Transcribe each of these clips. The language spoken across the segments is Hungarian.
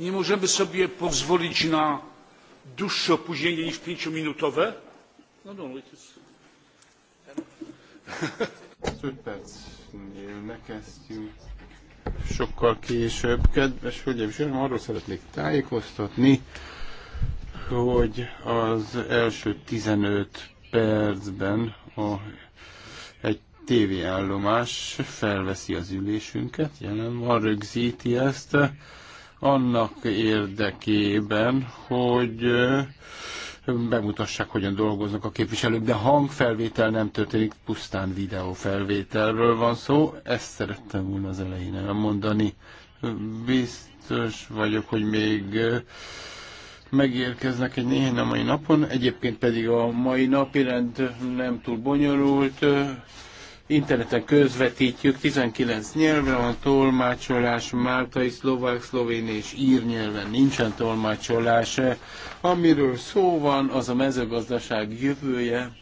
nie możemy sobie pozwolić na dłuższe opóźnienie niż pięciominutowe. Sokkal később, kedves hölgyeim és uram, arról szeretnék tájékoztatni, hogy az első 15 percben a, egy tévéállomás felveszi az ülésünket, jelen van, rögzíti ezt, annak érdekében, hogy bemutassák, hogyan dolgoznak a képviselők, de hangfelvétel nem történik, pusztán videófelvételről van szó. Ezt szerettem volna az elején elmondani. Biztos vagyok, hogy még megérkeznek egy néhány a mai napon, egyébként pedig a mai napirend nem túl bonyolult interneten közvetítjük, 19 nyelvre van tolmácsolás, máltai, szlovák, szlovén és ír nyelven nincsen tolmácsolás. Amiről szó van, az a mezőgazdaság jövője,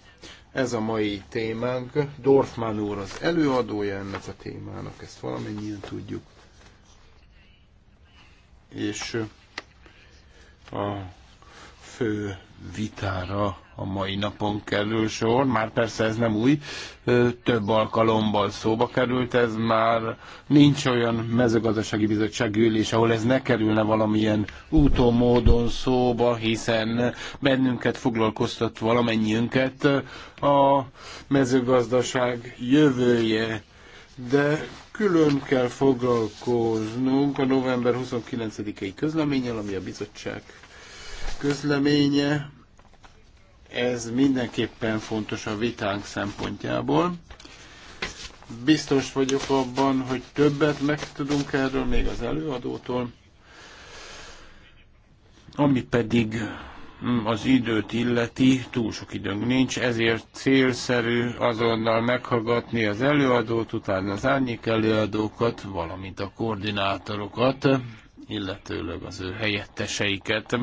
ez a mai témánk. Dorfman úr az előadója ennek a témának, ezt valamennyien tudjuk. És a fő vitára a mai napon kerül sor. Már persze ez nem új, több alkalommal szóba került, ez már nincs olyan mezőgazdasági bizottsági ülés, ahol ez ne kerülne valamilyen úton, módon szóba, hiszen bennünket foglalkoztat valamennyiünket a mezőgazdaság jövője. De külön kell foglalkoznunk a november 29-i közleménnyel, ami a bizottság közleménye. Ez mindenképpen fontos a vitánk szempontjából. Biztos vagyok abban, hogy többet megtudunk erről még az előadótól. Ami pedig hm, az időt illeti, túl sok időnk nincs, ezért célszerű azonnal meghallgatni az előadót, utána az árnyék előadókat, valamint a koordinátorokat, illetőleg az ő helyetteseiket.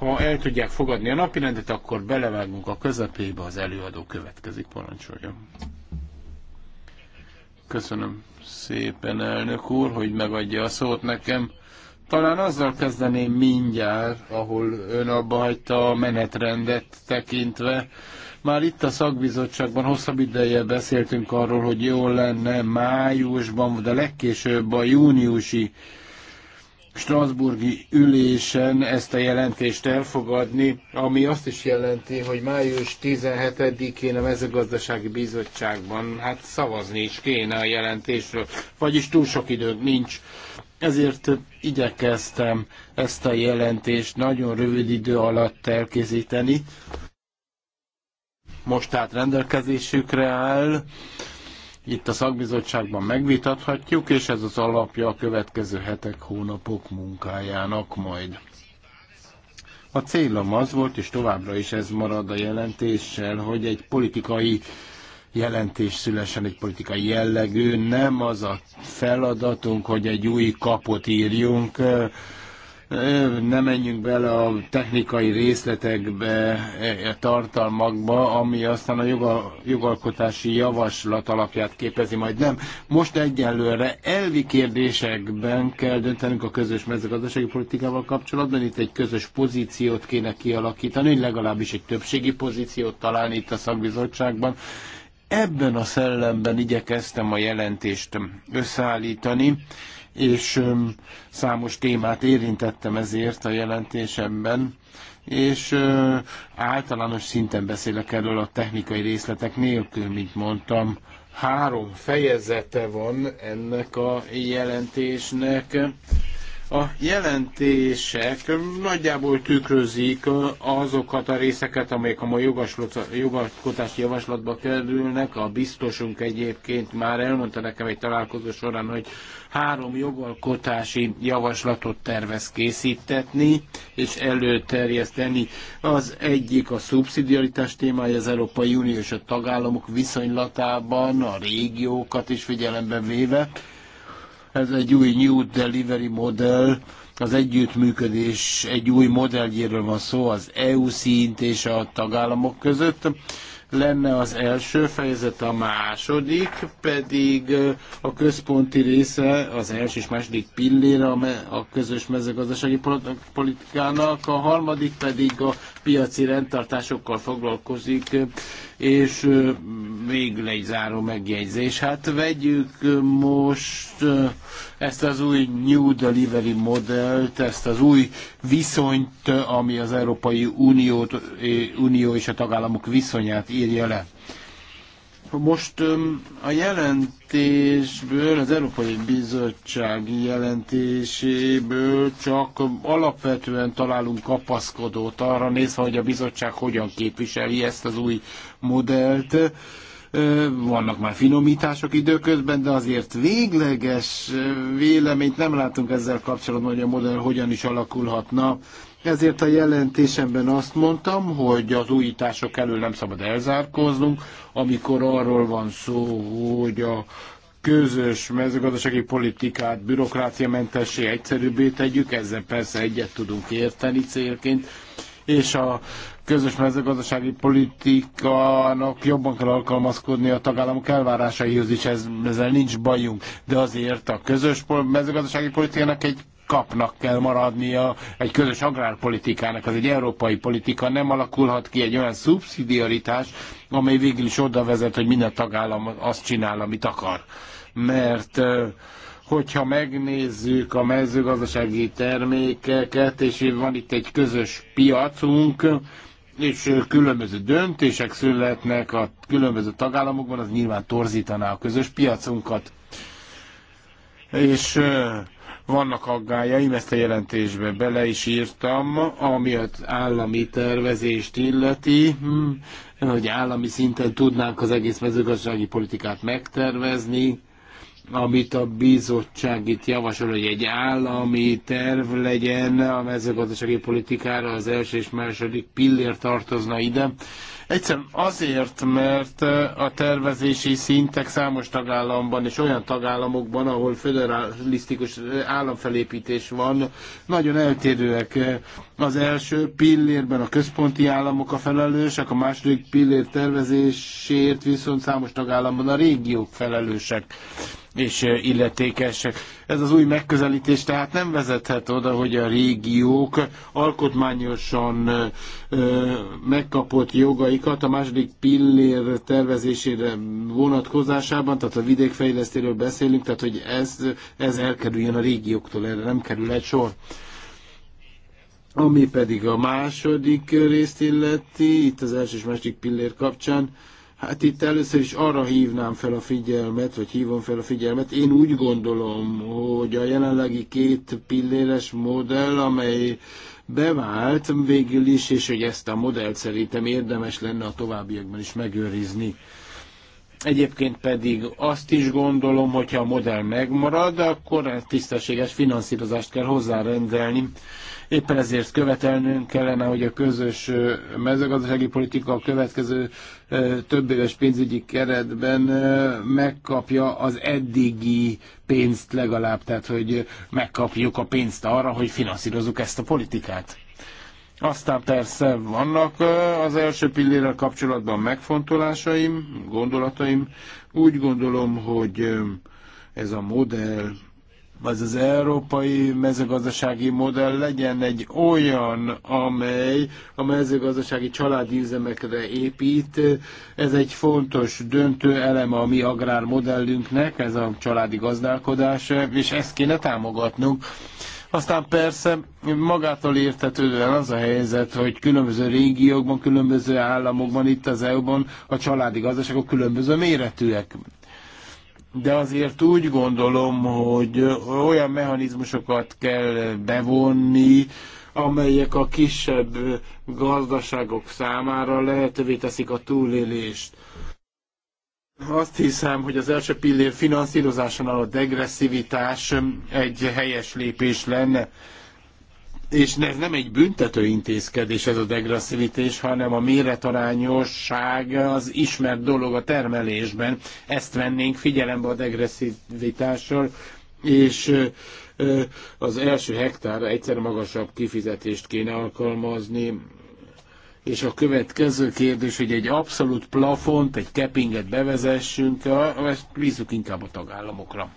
Ha el tudják fogadni a napirendet, akkor belevágunk a közepébe, az előadó következik, parancsolja. Köszönöm szépen, elnök úr, hogy megadja a szót nekem. Talán azzal kezdeném mindjárt, ahol ön abba hagyta a menetrendet tekintve. Már itt a szakbizottságban hosszabb ideje beszéltünk arról, hogy jól lenne májusban, de legkésőbb a júniusi Strasburgi ülésen ezt a jelentést elfogadni, ami azt is jelenti, hogy május 17-én a mezőgazdasági bizottságban hát szavazni is kéne a jelentésről, vagyis túl sok időnk nincs. Ezért igyekeztem ezt a jelentést nagyon rövid idő alatt elkészíteni. Most tehát rendelkezésükre áll itt a szakbizottságban megvitathatjuk, és ez az alapja a következő hetek, hónapok munkájának majd. A célom az volt, és továbbra is ez marad a jelentéssel, hogy egy politikai jelentés szülesen, egy politikai jellegű. Nem az a feladatunk, hogy egy új kapot írjunk, ne menjünk bele a technikai részletekbe, a e, e, tartalmakba, ami aztán a joga, jogalkotási javaslat alapját képezi majd nem. Most egyelőre elvi kérdésekben kell döntenünk a közös mezőgazdasági politikával kapcsolatban. Itt egy közös pozíciót kéne kialakítani, legalábbis egy többségi pozíciót találni itt a szakbizottságban. Ebben a szellemben igyekeztem a jelentést összeállítani és számos témát érintettem ezért a jelentésemben, és általános szinten beszélek erről a technikai részletek nélkül, mint mondtam. Három fejezete van ennek a jelentésnek a jelentések nagyjából tükrözik azokat a részeket, amelyek a mai jogalkotási javaslatba kerülnek. A biztosunk egyébként már elmondta nekem egy találkozó során, hogy három jogalkotási javaslatot tervez készítetni és előterjeszteni. Az egyik a szubszidiaritás témája az Európai Unió és a tagállamok viszonylatában, a régiókat is figyelembe véve ez egy új New Delivery modell, az együttműködés egy új modelljéről van szó, az EU szint és a tagállamok között. Lenne az első fejezet, a második pedig a központi része, az első és második pillére a közös mezőgazdasági politikának, a harmadik pedig a piaci rendtartásokkal foglalkozik, és végül egy záró megjegyzés. Hát vegyük most ezt az új New Delivery modellt, ezt az új viszonyt, ami az Európai Uniót, Unió és a tagállamok viszonyát írja le. Most a jelentésből, az Európai Bizottsági jelentéséből csak alapvetően találunk kapaszkodót arra nézve, hogy a bizottság hogyan képviseli ezt az új modellt. Vannak már finomítások időközben, de azért végleges véleményt nem látunk ezzel kapcsolatban, hogy a modell hogyan is alakulhatna. Ezért a jelentésemben azt mondtam, hogy az újítások elől nem szabad elzárkóznunk, amikor arról van szó, hogy a közös mezőgazdasági politikát mentessé egyszerűbbé tegyük, ezzel persze egyet tudunk érteni célként, és a közös mezőgazdasági politikának jobban kell alkalmazkodni a tagállamok elvárásaihoz is, ez, ezzel nincs bajunk, de azért a közös mezőgazdasági politikának egy kapnak kell maradnia egy közös agrárpolitikának, az egy európai politika, nem alakulhat ki egy olyan szubszidiaritás, amely végül is oda vezet, hogy minden tagállam azt csinál, amit akar. Mert hogyha megnézzük a mezőgazdasági termékeket, és van itt egy közös piacunk, és különböző döntések születnek a különböző tagállamokban, az nyilván torzítaná a közös piacunkat. És vannak aggájaim, ezt a jelentésbe bele is írtam, ami az állami tervezést illeti, hm, hogy állami szinten tudnánk az egész mezőgazdasági politikát megtervezni, amit a bizottság itt javasol, hogy egy állami terv legyen a mezőgazdasági politikára, az első és második pillér tartozna ide. Egyszerűen azért, mert eh, a tervezési szintek számos tagállamban és olyan tagállamokban, ahol föderalisztikus eh, államfelépítés van, nagyon eltérőek. Az első pillérben a központi államok a felelősek, a második pillér tervezésért viszont számos tagállamban a régiók felelősek és illetékesek. Ez az új megközelítés tehát nem vezethet oda, hogy a régiók alkotmányosan megkapott jogaikat a második pillér tervezésére vonatkozásában, tehát a vidékfejlesztéről beszélünk, tehát hogy ez, ez elkerüljön a régióktól, erre nem kerül egy sor. Ami pedig a második részt illeti, itt az első és második pillér kapcsán, Hát itt először is arra hívnám fel a figyelmet, vagy hívom fel a figyelmet. Én úgy gondolom, hogy a jelenlegi két pilléres modell, amely bevált végül is, és hogy ezt a modellt szerintem érdemes lenne a továbbiakban is megőrizni. Egyébként pedig azt is gondolom, hogyha a modell megmarad, akkor tisztességes finanszírozást kell hozzárendelni. Éppen ezért követelnünk kellene, hogy a közös mezőgazdasági politika a következő több éves pénzügyi keretben megkapja az eddigi pénzt legalább, tehát hogy megkapjuk a pénzt arra, hogy finanszírozzuk ezt a politikát. Aztán persze vannak az első pillérrel kapcsolatban megfontolásaim, gondolataim. Úgy gondolom, hogy ez a modell vagy az európai mezőgazdasági modell legyen egy olyan, amely a mezőgazdasági családi üzemekre épít. Ez egy fontos, döntő eleme a mi agrármodellünknek, ez a családi gazdálkodás, és ezt kéne támogatnunk. Aztán persze magától értetődően az a helyzet, hogy különböző régiókban, különböző államokban, itt az EU-ban a családi gazdaságok különböző méretűek de azért úgy gondolom, hogy olyan mechanizmusokat kell bevonni, amelyek a kisebb gazdaságok számára lehetővé teszik a túlélést. Azt hiszem, hogy az első pillér finanszírozáson a degresszivitás egy helyes lépés lenne és ez nem egy büntető intézkedés ez a degresszivitás, hanem a méretarányosság az ismert dolog a termelésben. Ezt vennénk figyelembe a degresszivitással, és az első hektár egyszer magasabb kifizetést kéne alkalmazni, és a következő kérdés, hogy egy abszolút plafont, egy kepinget bevezessünk, ezt bízunk inkább a tagállamokra.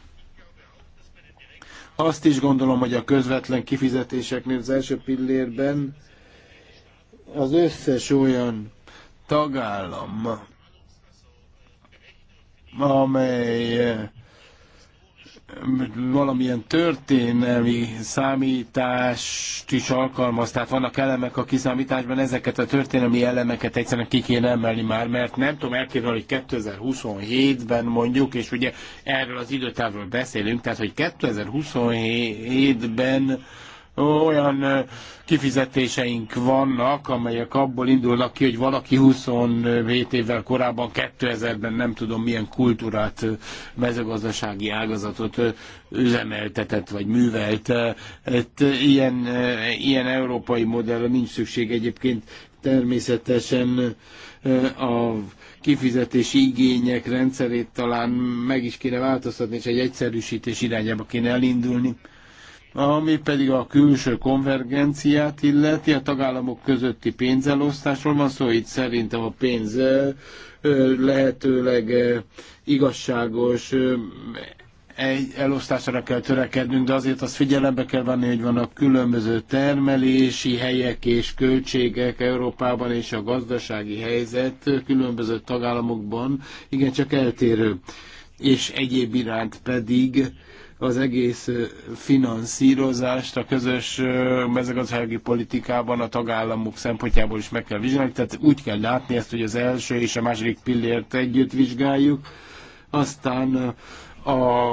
Azt is gondolom, hogy a közvetlen kifizetéseknél az első pillérben az összes olyan tagállam, amely eh, valamilyen történelmi számítást is alkalmaz, tehát vannak elemek a kiszámításban, ezeket a történelmi elemeket egyszerűen ki kéne emelni már, mert nem tudom elképzelni, hogy 2027-ben mondjuk, és ugye erről az időtávról beszélünk, tehát hogy 2027-ben olyan kifizetéseink vannak, amelyek abból indulnak ki, hogy valaki 27 évvel korábban, 2000-ben nem tudom milyen kultúrát, mezőgazdasági ágazatot üzemeltetett vagy művelt. Hát, ilyen, ilyen európai modellre nincs szükség egyébként természetesen a kifizetési igények rendszerét talán meg is kéne változtatni, és egy egyszerűsítés irányába kéne elindulni ami pedig a külső konvergenciát illeti, a tagállamok közötti pénzelosztásról van szó, itt szerintem a pénz lehetőleg igazságos egy elosztásra kell törekednünk, de azért azt figyelembe kell venni, hogy vannak különböző termelési helyek és költségek Európában, és a gazdasági helyzet különböző tagállamokban Igen, csak eltérő. És egyéb iránt pedig az egész finanszírozást a közös mezőgazdasági politikában a tagállamok szempontjából is meg kell vizsgálni. Tehát úgy kell látni ezt, hogy az első és a második pillért együtt vizsgáljuk, aztán a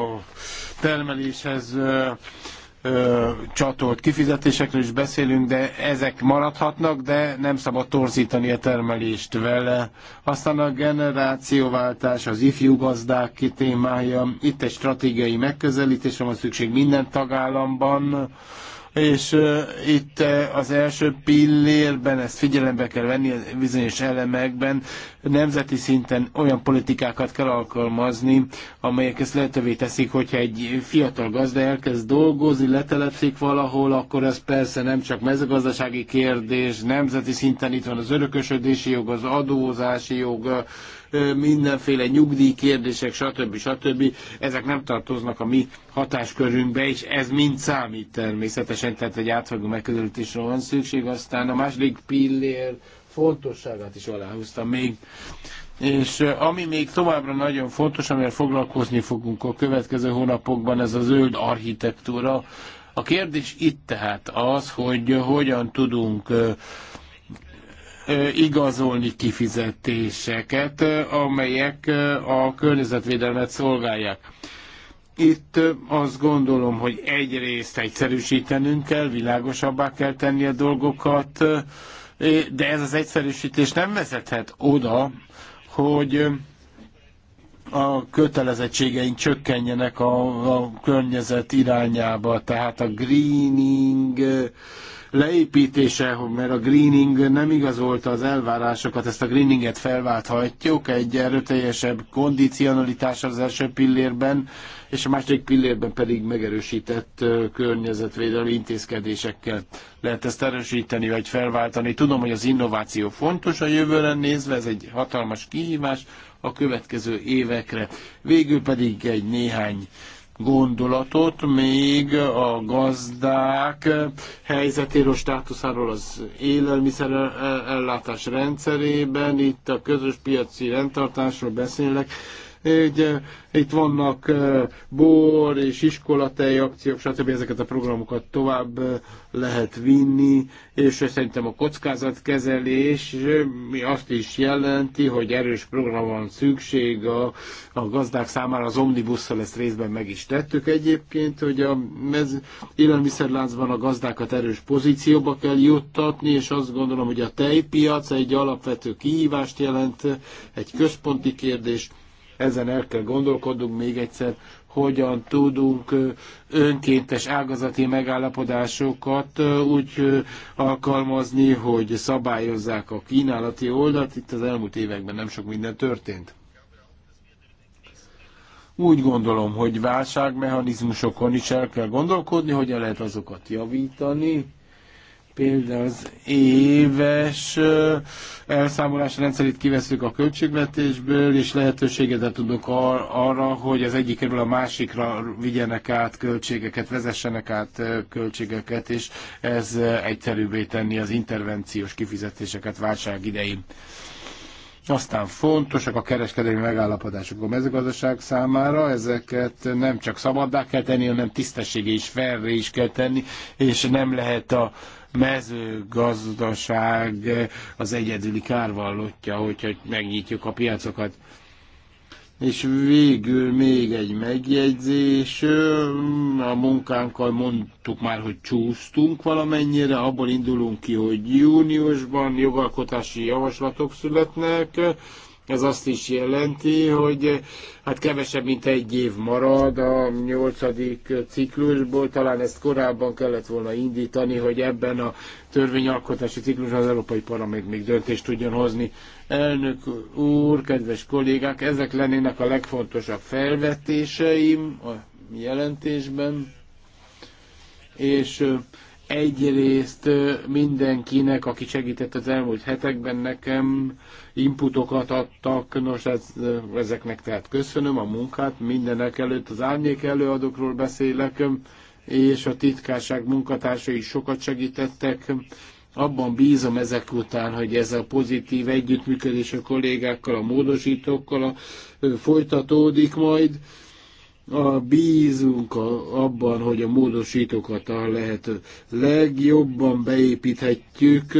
termeléshez ö, csatolt kifizetésekről is beszélünk, de ezek maradhatnak, de nem szabad torzítani a termelést vele. Aztán a generációváltás, az ifjú gazdák témája, itt egy stratégiai megközelítésre van szükség minden tagállamban, és uh, itt uh, az első pillérben ezt figyelembe kell venni bizonyos elemekben, nemzeti szinten olyan politikákat kell alkalmazni, amelyek ezt lehetővé teszik, hogyha egy fiatal gazda elkezd dolgozni, letelepszik valahol, akkor ez persze nem csak mezőgazdasági kérdés, nemzeti szinten itt van az örökösödési jog, az adózási jog, mindenféle nyugdíj kérdések, stb. stb. Ezek nem tartoznak a mi hatáskörünkbe, és ez mind számít természetesen, tehát egy átfogó megközelítésre van szükség. Aztán a második pillér fontosságát is aláhúztam még. És ami még továbbra nagyon fontos, amivel foglalkozni fogunk a következő hónapokban, ez a zöld architektúra. A kérdés itt tehát az, hogy hogyan tudunk igazolni kifizetéseket, amelyek a környezetvédelmet szolgálják. Itt azt gondolom, hogy egyrészt egyszerűsítenünk kell, világosabbá kell tenni a dolgokat, de ez az egyszerűsítés nem vezethet oda, hogy a kötelezettségeink csökkenjenek a, a környezet irányába, tehát a greening leépítése, mert a greening nem igazolta az elvárásokat, ezt a greeninget felválthatjuk egy erőteljesebb kondicionalitás az első pillérben, és a második pillérben pedig megerősített környezetvédelmi intézkedésekkel lehet ezt erősíteni vagy felváltani. Tudom, hogy az innováció fontos a jövőre nézve, ez egy hatalmas kihívás a következő évekre. Végül pedig egy néhány gondolatot, még a gazdák helyzetéről, státuszáról az élelmiszer ellátás rendszerében, itt a közös piaci rendtartásról beszélek, egy, eh, itt vannak eh, bor és iskolatei akciók, stb. ezeket a programokat tovább eh, lehet vinni, és szerintem a kockázatkezelés mi azt is jelenti, hogy erős program van szükség a, a gazdák számára, az omnibusszal ezt részben meg is tettük egyébként, hogy a mez, élelmiszerláncban a gazdákat erős pozícióba kell juttatni, és azt gondolom, hogy a tejpiac egy alapvető kihívást jelent, egy központi kérdés, ezen el kell gondolkodnunk még egyszer, hogyan tudunk önkéntes ágazati megállapodásokat úgy alkalmazni, hogy szabályozzák a kínálati oldalt. Itt az elmúlt években nem sok minden történt. Úgy gondolom, hogy válságmechanizmusokon is el kell gondolkodni, hogyan lehet azokat javítani, például az éves elszámolás rendszerét kiveszünk a költségvetésből, és lehetőséget tudok ar- arra, hogy az egyikről a másikra vigyenek át költségeket, vezessenek át költségeket, és ez egyszerűbbé tenni az intervenciós kifizetéseket válság idején. Aztán fontosak a kereskedelmi megállapodások a mezőgazdaság számára, ezeket nem csak szabaddá kell tenni, hanem tisztességé és felre is kell tenni, és nem lehet a mezőgazdaság az egyedüli kárvallottja, hogyha megnyitjuk a piacokat. És végül még egy megjegyzés. A munkánkkal mondtuk már, hogy csúsztunk valamennyire, abból indulunk ki, hogy júniusban jogalkotási javaslatok születnek, ez azt is jelenti, hogy hát kevesebb, mint egy év marad a nyolcadik ciklusból. Talán ezt korábban kellett volna indítani, hogy ebben a törvényalkotási ciklusban az Európai Parlament még döntést tudjon hozni. Elnök úr, kedves kollégák, ezek lennének a legfontosabb felvetéseim a jelentésben, és Egyrészt mindenkinek, aki segített az elmúlt hetekben nekem, inputokat adtak, nos, ez, ezeknek tehát köszönöm a munkát, mindenek előtt az árnyék előadókról beszélek, és a titkárság munkatársai is sokat segítettek. Abban bízom ezek után, hogy ez a pozitív együttműködés a kollégákkal, a módosítókkal a, folytatódik majd a bízunk a, abban, hogy a módosítókat a lehető legjobban beépíthetjük,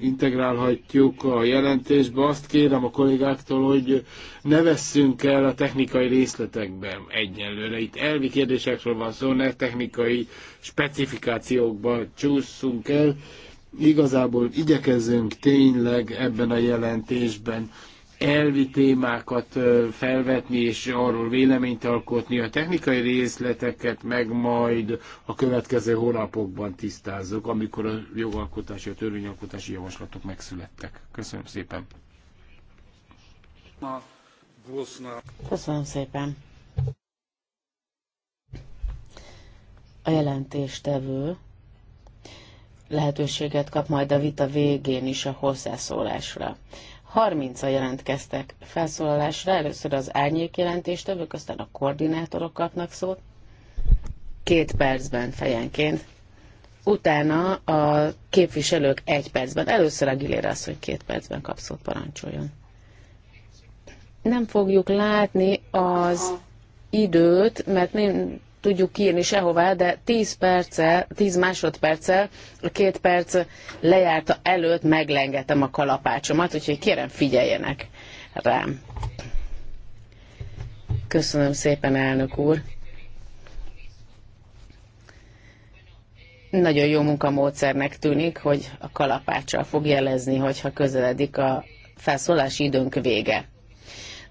integrálhatjuk a jelentésbe. Azt kérem a kollégáktól, hogy ne vesszünk el a technikai részletekben egyenlőre. Itt elvi kérdésekről van szó, ne technikai specifikációkba csúszunk el. Igazából igyekezünk tényleg ebben a jelentésben elvi témákat felvetni és arról véleményt alkotni. A technikai részleteket meg majd a következő hónapokban tisztázzuk, amikor a jogalkotási, a törvényalkotási javaslatok megszülettek. Köszönöm szépen. Köszönöm szépen. A jelentéstevő lehetőséget kap majd a vita végén is a hozzászólásra. 30-a jelentkeztek felszólalásra, először az árnyék jelentéstevők, aztán a koordinátorok kapnak szót, két percben fejenként. Utána a képviselők egy percben, először a Gilére az, hogy két percben kap szót parancsoljon. Nem fogjuk látni az időt, mert nem tudjuk kiírni sehová, de 10 perccel, 10 másodperccel, a két perc lejárta előtt meglengetem a kalapácsomat, úgyhogy kérem figyeljenek rám. Köszönöm szépen, elnök úr. Nagyon jó munkamódszernek tűnik, hogy a kalapáccsal fog jelezni, hogyha közeledik a felszólási időnk vége.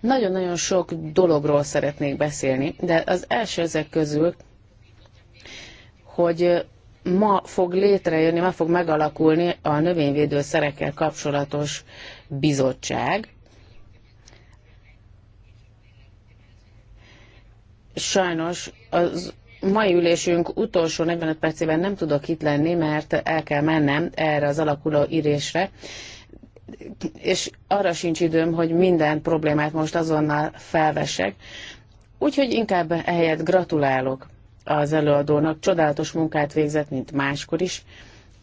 Nagyon-nagyon sok dologról szeretnék beszélni, de az első ezek közül, hogy ma fog létrejönni, ma fog megalakulni a szerekkel kapcsolatos bizottság. Sajnos az mai ülésünk utolsó 45 percében nem tudok itt lenni, mert el kell mennem erre az alakuló írésre, és arra sincs időm, hogy minden problémát most azonnal felvesek, úgyhogy inkább ehelyett gratulálok az előadónak, csodálatos munkát végzett, mint máskor is.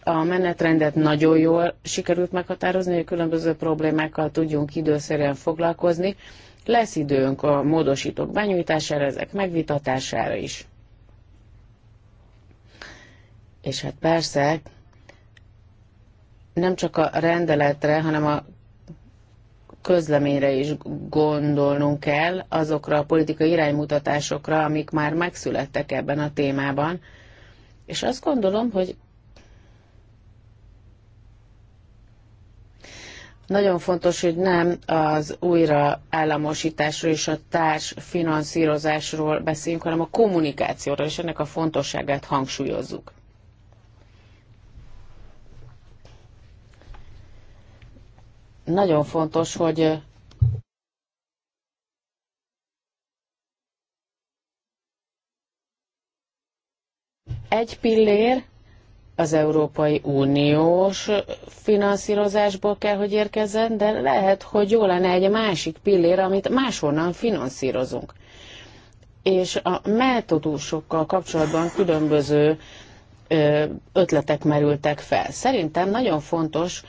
A menetrendet nagyon jól sikerült meghatározni, hogy különböző problémákkal tudjunk időszerűen foglalkozni. Lesz időnk a módosítók benyújtására, ezek megvitatására is. És hát persze, nem csak a rendeletre, hanem a közleményre is gondolnunk kell, azokra a politikai iránymutatásokra, amik már megszülettek ebben a témában. És azt gondolom, hogy Nagyon fontos, hogy nem az újra államosításról és a társ finanszírozásról beszéljünk, hanem a kommunikációról és ennek a fontosságát hangsúlyozzuk. Nagyon fontos, hogy egy pillér az Európai Uniós finanszírozásból kell, hogy érkezzen, de lehet, hogy jó lenne egy másik pillér, amit máshonnan finanszírozunk. És a metodusokkal kapcsolatban különböző ötletek merültek fel. Szerintem nagyon fontos,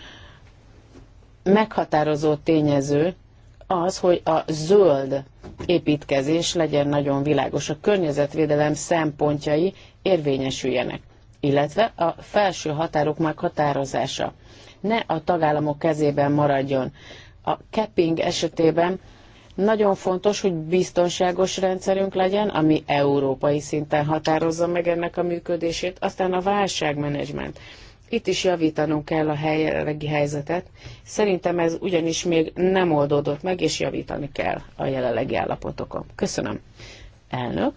meghatározó tényező az, hogy a zöld építkezés legyen nagyon világos, a környezetvédelem szempontjai érvényesüljenek, illetve a felső határok meghatározása ne a tagállamok kezében maradjon. A capping esetében nagyon fontos, hogy biztonságos rendszerünk legyen, ami európai szinten határozza meg ennek a működését, aztán a válságmenedzsment. Itt is javítanunk kell a jelenlegi helyzetet. Szerintem ez ugyanis még nem oldódott meg, és javítani kell a jelenlegi állapotokon. Köszönöm, elnök.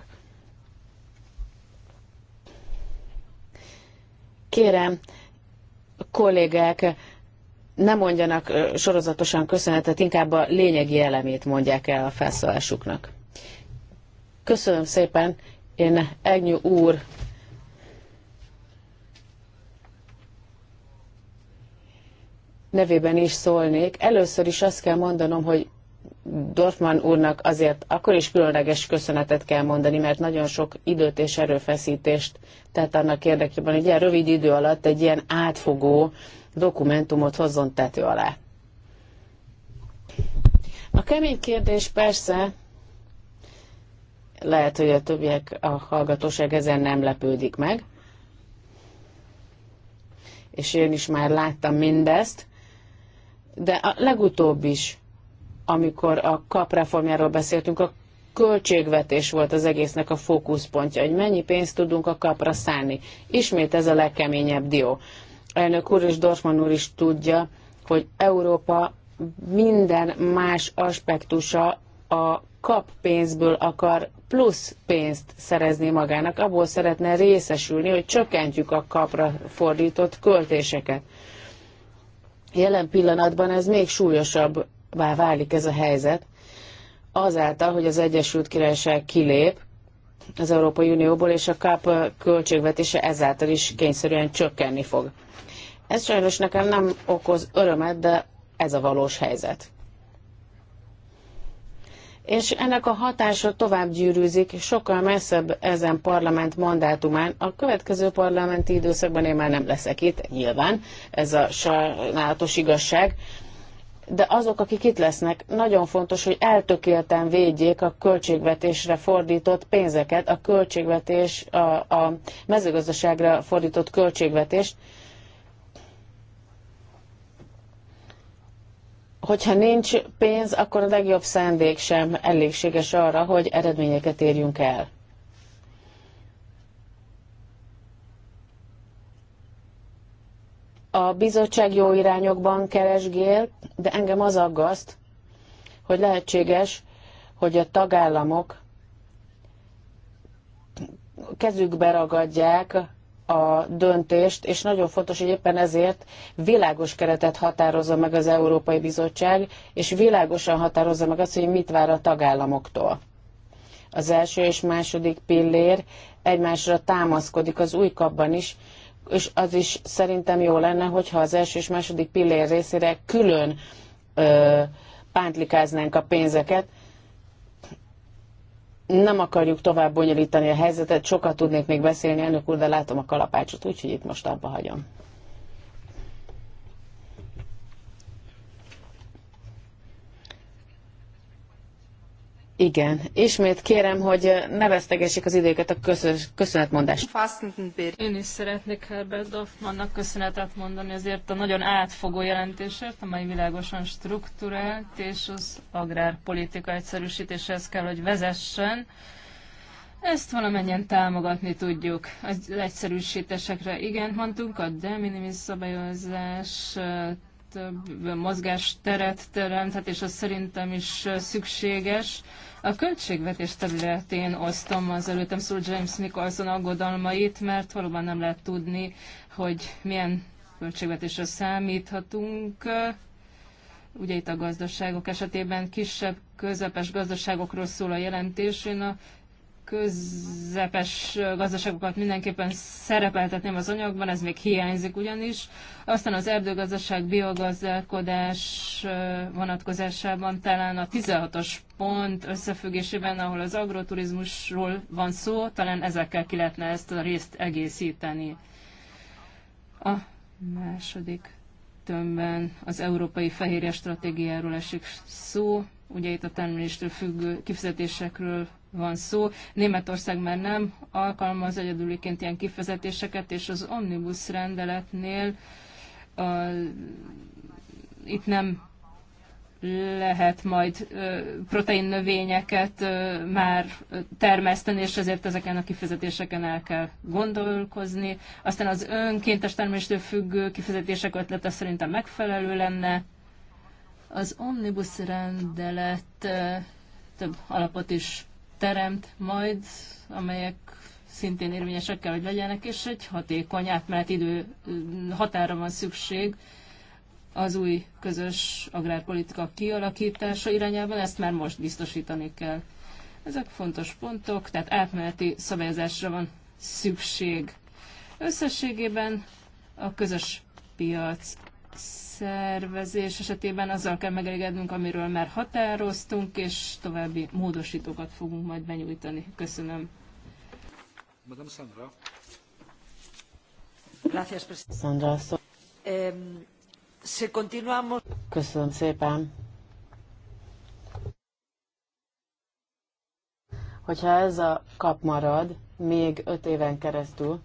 Kérem, kollégák, ne mondjanak sorozatosan köszönetet, inkább a lényegi elemét mondják el a felszólásuknak. Köszönöm szépen, én Egnyú úr nevében is szólnék. Először is azt kell mondanom, hogy Dorfman úrnak azért akkor is különleges köszönetet kell mondani, mert nagyon sok időt és erőfeszítést tett annak érdekében, hogy ilyen rövid idő alatt egy ilyen átfogó dokumentumot hozzon tető alá. A kemény kérdés persze, lehet, hogy a többiek, a hallgatóság ezen nem lepődik meg, és én is már láttam mindezt, de a legutóbb is, amikor a kap reformjáról beszéltünk, a költségvetés volt az egésznek a fókuszpontja, hogy mennyi pénzt tudunk a kapra szállni. Ismét ez a legkeményebb dió. Elnök úr és Dorfman úr is tudja, hogy Európa minden más aspektusa a kap pénzből akar plusz pénzt szerezni magának, abból szeretne részesülni, hogy csökkentjük a kapra fordított költéseket. Jelen pillanatban ez még súlyosabbá válik ez a helyzet, azáltal, hogy az Egyesült Királyság kilép az Európai Unióból, és a KAP költségvetése ezáltal is kényszerűen csökkenni fog. Ez sajnos nekem nem okoz örömet, de ez a valós helyzet és ennek a hatása tovább gyűrűzik, sokkal messzebb ezen parlament mandátumán. A következő parlamenti időszakban én már nem leszek itt, nyilván, ez a sajnálatos igazság, de azok, akik itt lesznek, nagyon fontos, hogy eltökélten védjék a költségvetésre fordított pénzeket, a költségvetés, a, a mezőgazdaságra fordított költségvetést, hogyha nincs pénz, akkor a legjobb szándék sem elégséges arra, hogy eredményeket érjünk el. A bizottság jó irányokban keresgél, de engem az aggaszt, hogy lehetséges, hogy a tagállamok kezükbe ragadják a döntést, és nagyon fontos, hogy éppen ezért világos keretet határozza meg az Európai Bizottság, és világosan határozza meg azt, hogy mit vár a tagállamoktól. Az első és második pillér egymásra támaszkodik az új kapban is, és az is szerintem jó lenne, hogyha az első és második pillér részére külön ö, pántlikáznánk a pénzeket, nem akarjuk tovább bonyolítani a helyzetet, sokat tudnék még beszélni, elnök úr, de látom a kalapácsot, úgyhogy itt most abba hagyom. Igen, ismét kérem, hogy ne vesztegessék az időket a köszönetmondás. Én is szeretnék Herbert Dorfmannnak köszönetet mondani azért a nagyon átfogó jelentésért, amely világosan struktúrált, és az agrárpolitika egyszerűsítéshez kell, hogy vezessen. Ezt valamennyien támogatni tudjuk. Az egyszerűsítésekre igen mondtunk, a de minimis szabályozás több teret teremthet, és az szerintem is szükséges. A költségvetés területén osztom az előttem szóló James Nicholson aggodalmait, mert valóban nem lehet tudni, hogy milyen költségvetésre számíthatunk. Ugye itt a gazdaságok esetében kisebb, közepes gazdaságokról szól a jelentés. Én a közepes gazdaságokat mindenképpen szerepeltetném az anyagban, ez még hiányzik ugyanis. Aztán az erdőgazdaság, biogazdálkodás vonatkozásában talán a 16-os pont összefüggésében, ahol az agroturizmusról van szó, talán ezekkel ki lehetne ezt a részt egészíteni. A második tömbben az európai fehérje stratégiáról esik szó, ugye itt a termeléstől függő kifizetésekről van szó. Németország már nem alkalmaz egyedüliként ilyen kifizetéseket, és az omnibus rendeletnél a, itt nem lehet majd protein növényeket már termeszteni, és ezért ezeken a kifizetéseken el kell gondolkozni. Aztán az önkéntes terméstől függő kifizetések ötlete szerintem megfelelő lenne. Az omnibus rendelet több alapot is teremt majd, amelyek szintén érvényesek kell, hogy legyenek, és egy hatékony átmenet idő határa van szükség az új közös agrárpolitika kialakítása irányában, ezt már most biztosítani kell. Ezek fontos pontok, tehát átmeneti szabályozásra van szükség. Összességében a közös piac szervezés esetében azzal kell megelégednünk, amiről már határoztunk, és további módosítókat fogunk majd benyújtani. Köszönöm. Madame Sandra. Gracias, Sandra. So se continuamos... Köszönöm szépen. Hogyha ez a kap marad, még öt éven keresztül,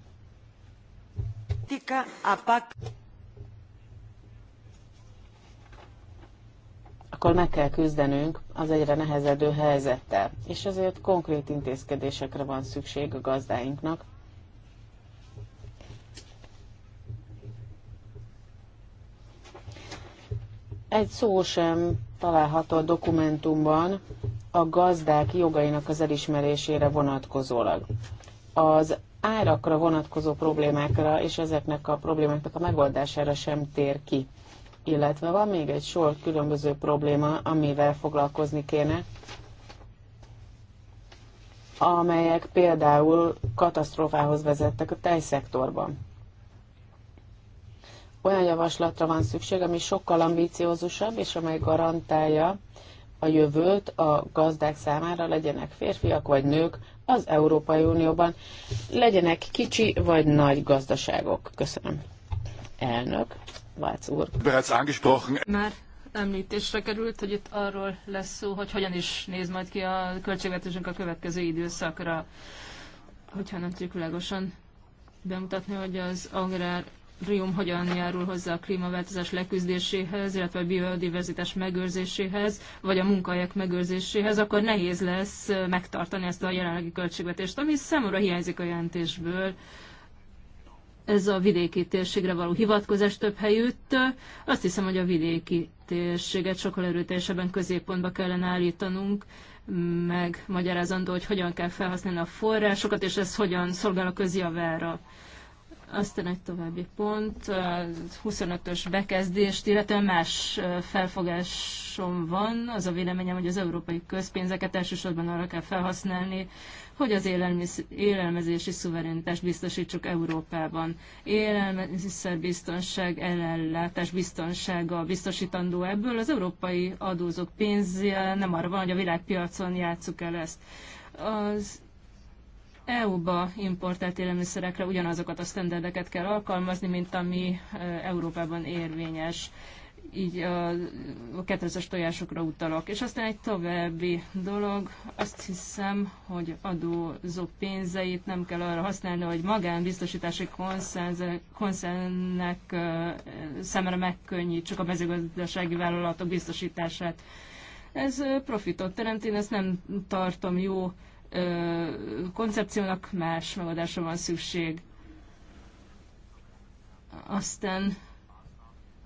akkor meg kell küzdenünk az egyre nehezedő helyzettel, és ezért konkrét intézkedésekre van szükség a gazdáinknak. Egy szó sem található a dokumentumban a gazdák jogainak az elismerésére vonatkozólag. Az árakra vonatkozó problémákra és ezeknek a problémáknak a megoldására sem tér ki illetve van még egy sor különböző probléma, amivel foglalkozni kéne, amelyek például katasztrófához vezettek a tejszektorban. Olyan javaslatra van szükség, ami sokkal ambíciózusabb, és amely garantálja a jövőt a gazdák számára, legyenek férfiak vagy nők az Európai Unióban, legyenek kicsi vagy nagy gazdaságok. Köszönöm. Elnök. Vác úr. Már említésre került, hogy itt arról lesz szó, hogy hogyan is néz majd ki a költségvetésünk a következő időszakra, hogyha nem tudjuk világosan bemutatni, hogy az Rium hogyan járul hozzá a klímaváltozás leküzdéséhez, illetve a biodiverzitás megőrzéséhez, vagy a munkahelyek megőrzéséhez, akkor nehéz lesz megtartani ezt a jelenlegi költségvetést, ami számomra hiányzik a jelentésből ez a vidéki térségre való hivatkozás több helyütt. Azt hiszem, hogy a vidéki térséget sokkal erőteljesebben középpontba kellene állítanunk, meg magyarázandó, hogy hogyan kell felhasználni a forrásokat, és ez hogyan szolgál a közjavára. Aztán egy további pont, 25-ös bekezdést, illetve más felfogásom van, az a véleményem, hogy az európai közpénzeket elsősorban arra kell felhasználni, hogy az élelmezési szuverenitást biztosítsuk Európában. Élelmiszerbiztonság, elellátás biztonsága biztosítandó ebből. Az európai adózók pénzje nem arra van, hogy a világpiacon játsszuk el ezt. Az EU-ba importált élelmiszerekre ugyanazokat a sztenderdeket kell alkalmazni, mint ami e, Európában érvényes így a, a kettőzes tojásokra utalok. És aztán egy további dolog, azt hiszem, hogy adózó pénzeit nem kell arra használni, hogy magánbiztosítási konszennek e, szemre megkönnyítsük a mezőgazdasági vállalatok biztosítását. Ez e, profitot teremt, én ezt nem tartom jó koncepciónak más megoldásra van szükség. Aztán,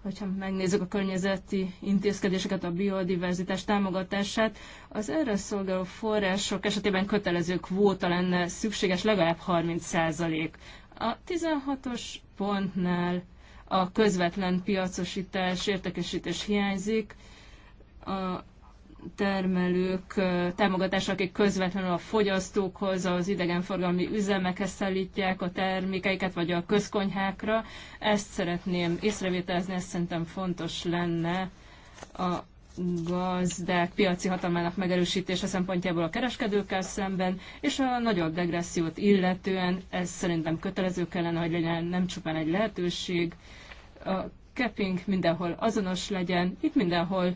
hogyha megnézzük a környezeti intézkedéseket, a biodiverzitás támogatását, az erre szolgáló források esetében kötelező kvóta lenne szükséges legalább 30%. A 16-os pontnál a közvetlen piacosítás, értekesítés hiányzik, a termelők támogatása, akik közvetlenül a fogyasztókhoz, az idegenforgalmi üzemekhez szállítják a termékeiket, vagy a közkonyhákra. Ezt szeretném észrevételezni, ezt szerintem fontos lenne a gazdák piaci hatalmának megerősítése szempontjából a kereskedőkkel szemben, és a nagyobb degressziót illetően ez szerintem kötelező kellene, hogy legyen nem csupán egy lehetőség. A capping mindenhol azonos legyen, itt mindenhol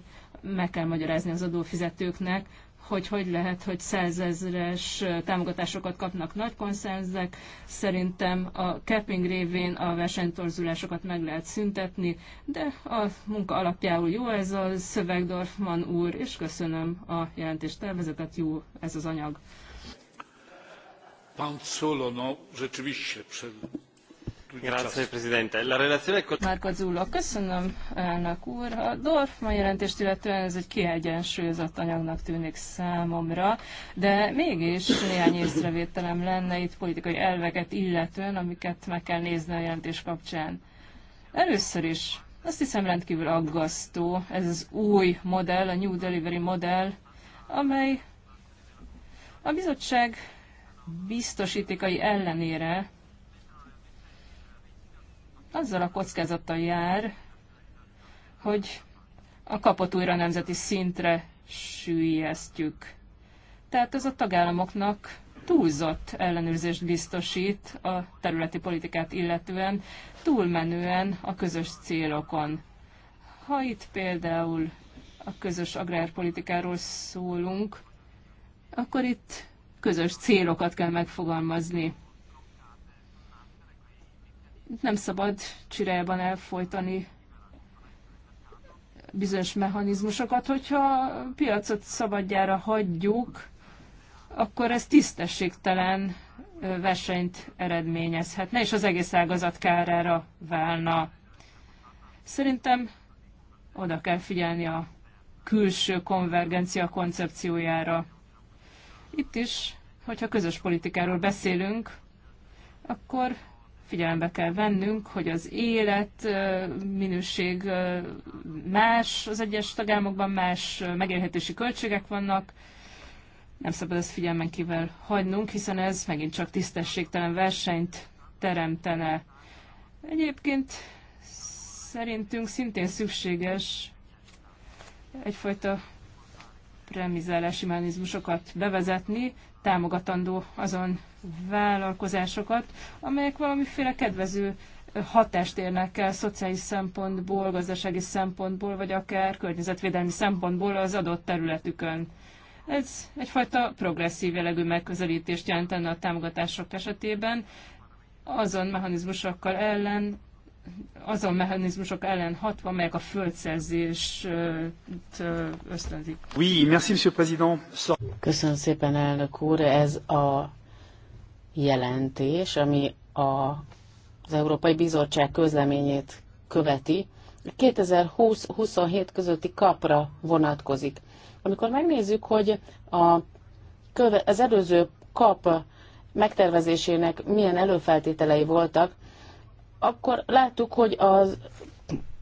meg kell magyarázni az adófizetőknek, hogy hogy lehet, hogy százezres támogatásokat kapnak nagy konszenzek. Szerintem a capping révén a versenytorzulásokat meg lehet szüntetni, de a munka alapjául jó ez a szöveg Dorfman úr, és köszönöm a jelentést tervezetet, jó ez az anyag. Pán Szolona rzeczywiście przed Márko Presidente. köszönöm, elnök úr. A DORF mai jelentést illetően ez egy kiegyensúlyozott anyagnak tűnik számomra, de mégis néhány észrevételem lenne itt politikai elveket illetően, amiket meg kell nézni a jelentés kapcsán. Először is azt hiszem rendkívül aggasztó ez az új modell, a New Delivery modell, amely a bizottság biztosítékai ellenére azzal a kockázattal jár, hogy a kapot újra nemzeti szintre sűjesztjük. Tehát ez a tagállamoknak túlzott ellenőrzést biztosít a területi politikát illetően, túlmenően a közös célokon. Ha itt például a közös agrárpolitikáról szólunk, akkor itt közös célokat kell megfogalmazni nem szabad csirájában elfolytani bizonyos mechanizmusokat, hogyha a piacot szabadjára hagyjuk, akkor ez tisztességtelen versenyt eredményezhetne, és az egész ágazat kárára válna. Szerintem oda kell figyelni a külső konvergencia koncepciójára. Itt is, hogyha közös politikáról beszélünk, akkor figyelembe kell vennünk, hogy az élet minőség más az egyes tagállamokban, más megélhetési költségek vannak, nem szabad ezt figyelmen kivel hagynunk, hiszen ez megint csak tisztességtelen versenyt teremtene. Egyébként szerintünk szintén szükséges egyfajta premizálási mechanizmusokat bevezetni, támogatandó azon vállalkozásokat, amelyek valamiféle kedvező hatást érnek el szociális szempontból, gazdasági szempontból, vagy akár környezetvédelmi szempontból az adott területükön. Ez egyfajta progresszív jellegű megközelítést jelentene a támogatások esetében, azon mechanizmusokkal ellen, azon mechanizmusok ellen hatva, amelyek a földszerzést ösztönzik. Oui, merci, monsieur président. Köszönöm szépen, elnök úr. Ez a jelentés, ami a, az Európai Bizottság közleményét követi, 2020-27 közötti kapra vonatkozik. Amikor megnézzük, hogy a köve, az előző kap megtervezésének milyen előfeltételei voltak, akkor láttuk, hogy az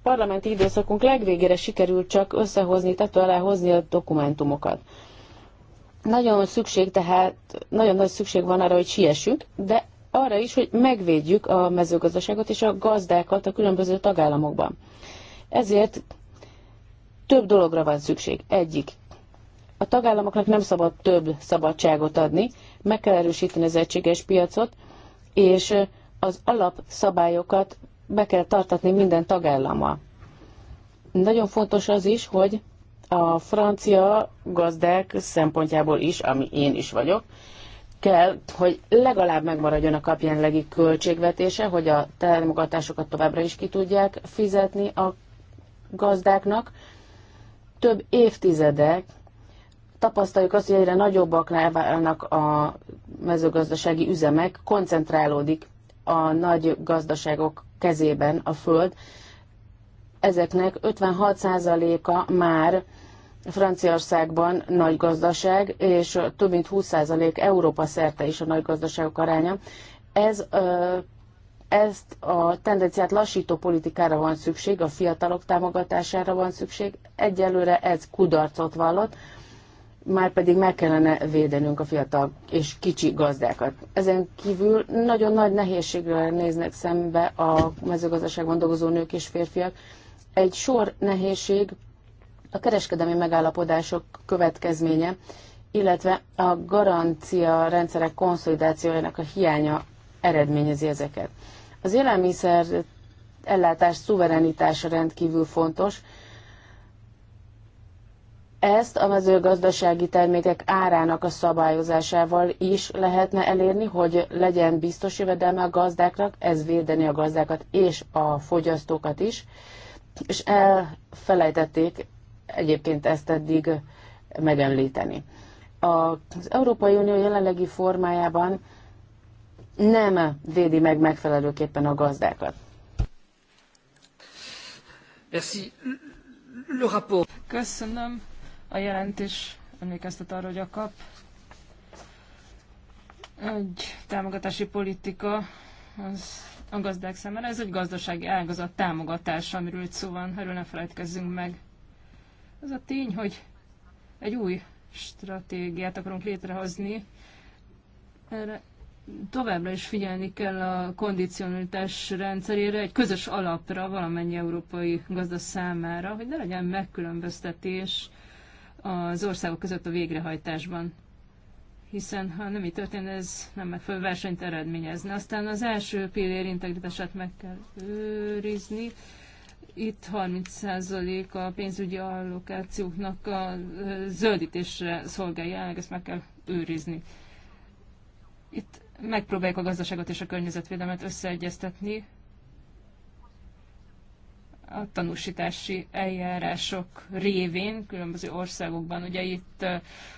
parlamenti időszakunk legvégére sikerült csak összehozni, tető alá hozni a dokumentumokat. Nagyon szükség tehát, nagyon nagy szükség van arra, hogy siessük, de arra is, hogy megvédjük a mezőgazdaságot és a gazdákat a különböző tagállamokban. Ezért több dologra van szükség. Egyik, a tagállamoknak nem szabad több szabadságot adni, meg kell erősíteni az egységes piacot, és az alapszabályokat be kell tartatni minden tagállama. Nagyon fontos az is, hogy a francia gazdák szempontjából is, ami én is vagyok, kell, hogy legalább megmaradjon a kapjánlegi költségvetése, hogy a támogatásokat továbbra is ki tudják fizetni a gazdáknak. Több évtizedek tapasztaljuk azt, hogy egyre nagyobbaknál válnak a mezőgazdasági üzemek, koncentrálódik a nagy gazdaságok kezében a föld. Ezeknek 56%-a már Franciaországban nagy gazdaság, és több mint 20% Európa szerte is a nagy gazdaságok aránya. Ez, ezt a tendenciát lassító politikára van szükség, a fiatalok támogatására van szükség. Egyelőre ez kudarcot vallott már pedig meg kellene védenünk a fiatal és kicsi gazdákat. Ezen kívül nagyon nagy nehézségre néznek szembe a mezőgazdaságban dolgozó nők és férfiak. Egy sor nehézség a kereskedelmi megállapodások következménye, illetve a garancia rendszerek konszolidációjának a hiánya eredményezi ezeket. Az élelmiszer ellátás szuverenitása rendkívül fontos, ezt a mezőgazdasági termékek árának a szabályozásával is lehetne elérni, hogy legyen biztos jövedelme a gazdáknak, ez védeni a gazdákat és a fogyasztókat is, és elfelejtették egyébként ezt eddig megemlíteni. Az Európai Unió jelenlegi formájában nem védi meg megfelelőképpen a gazdákat. Merci. Köszönöm. A jelentés emlékeztet arra, hogy a kap egy támogatási politika az a gazdák számára, ez egy gazdasági ágazat támogatása, amiről itt szó van, erről ne felejtkezzünk meg. Az a tény, hogy egy új stratégiát akarunk létrehozni, erre továbbra is figyelni kell a kondicionalitás rendszerére, egy közös alapra valamennyi európai gazda számára, hogy ne legyen megkülönböztetés az országok között a végrehajtásban hiszen ha nem így történne, ez nem megfelelő versenyt eredményezne. Aztán az első pillér integritását meg kell őrizni. Itt 30% a pénzügyi allokációknak a zöldítésre szolgálja, jelenleg, ezt meg kell őrizni. Itt megpróbáljuk a gazdaságot és a környezetvédelmet összeegyeztetni, a tanúsítási eljárások révén különböző országokban. Ugye itt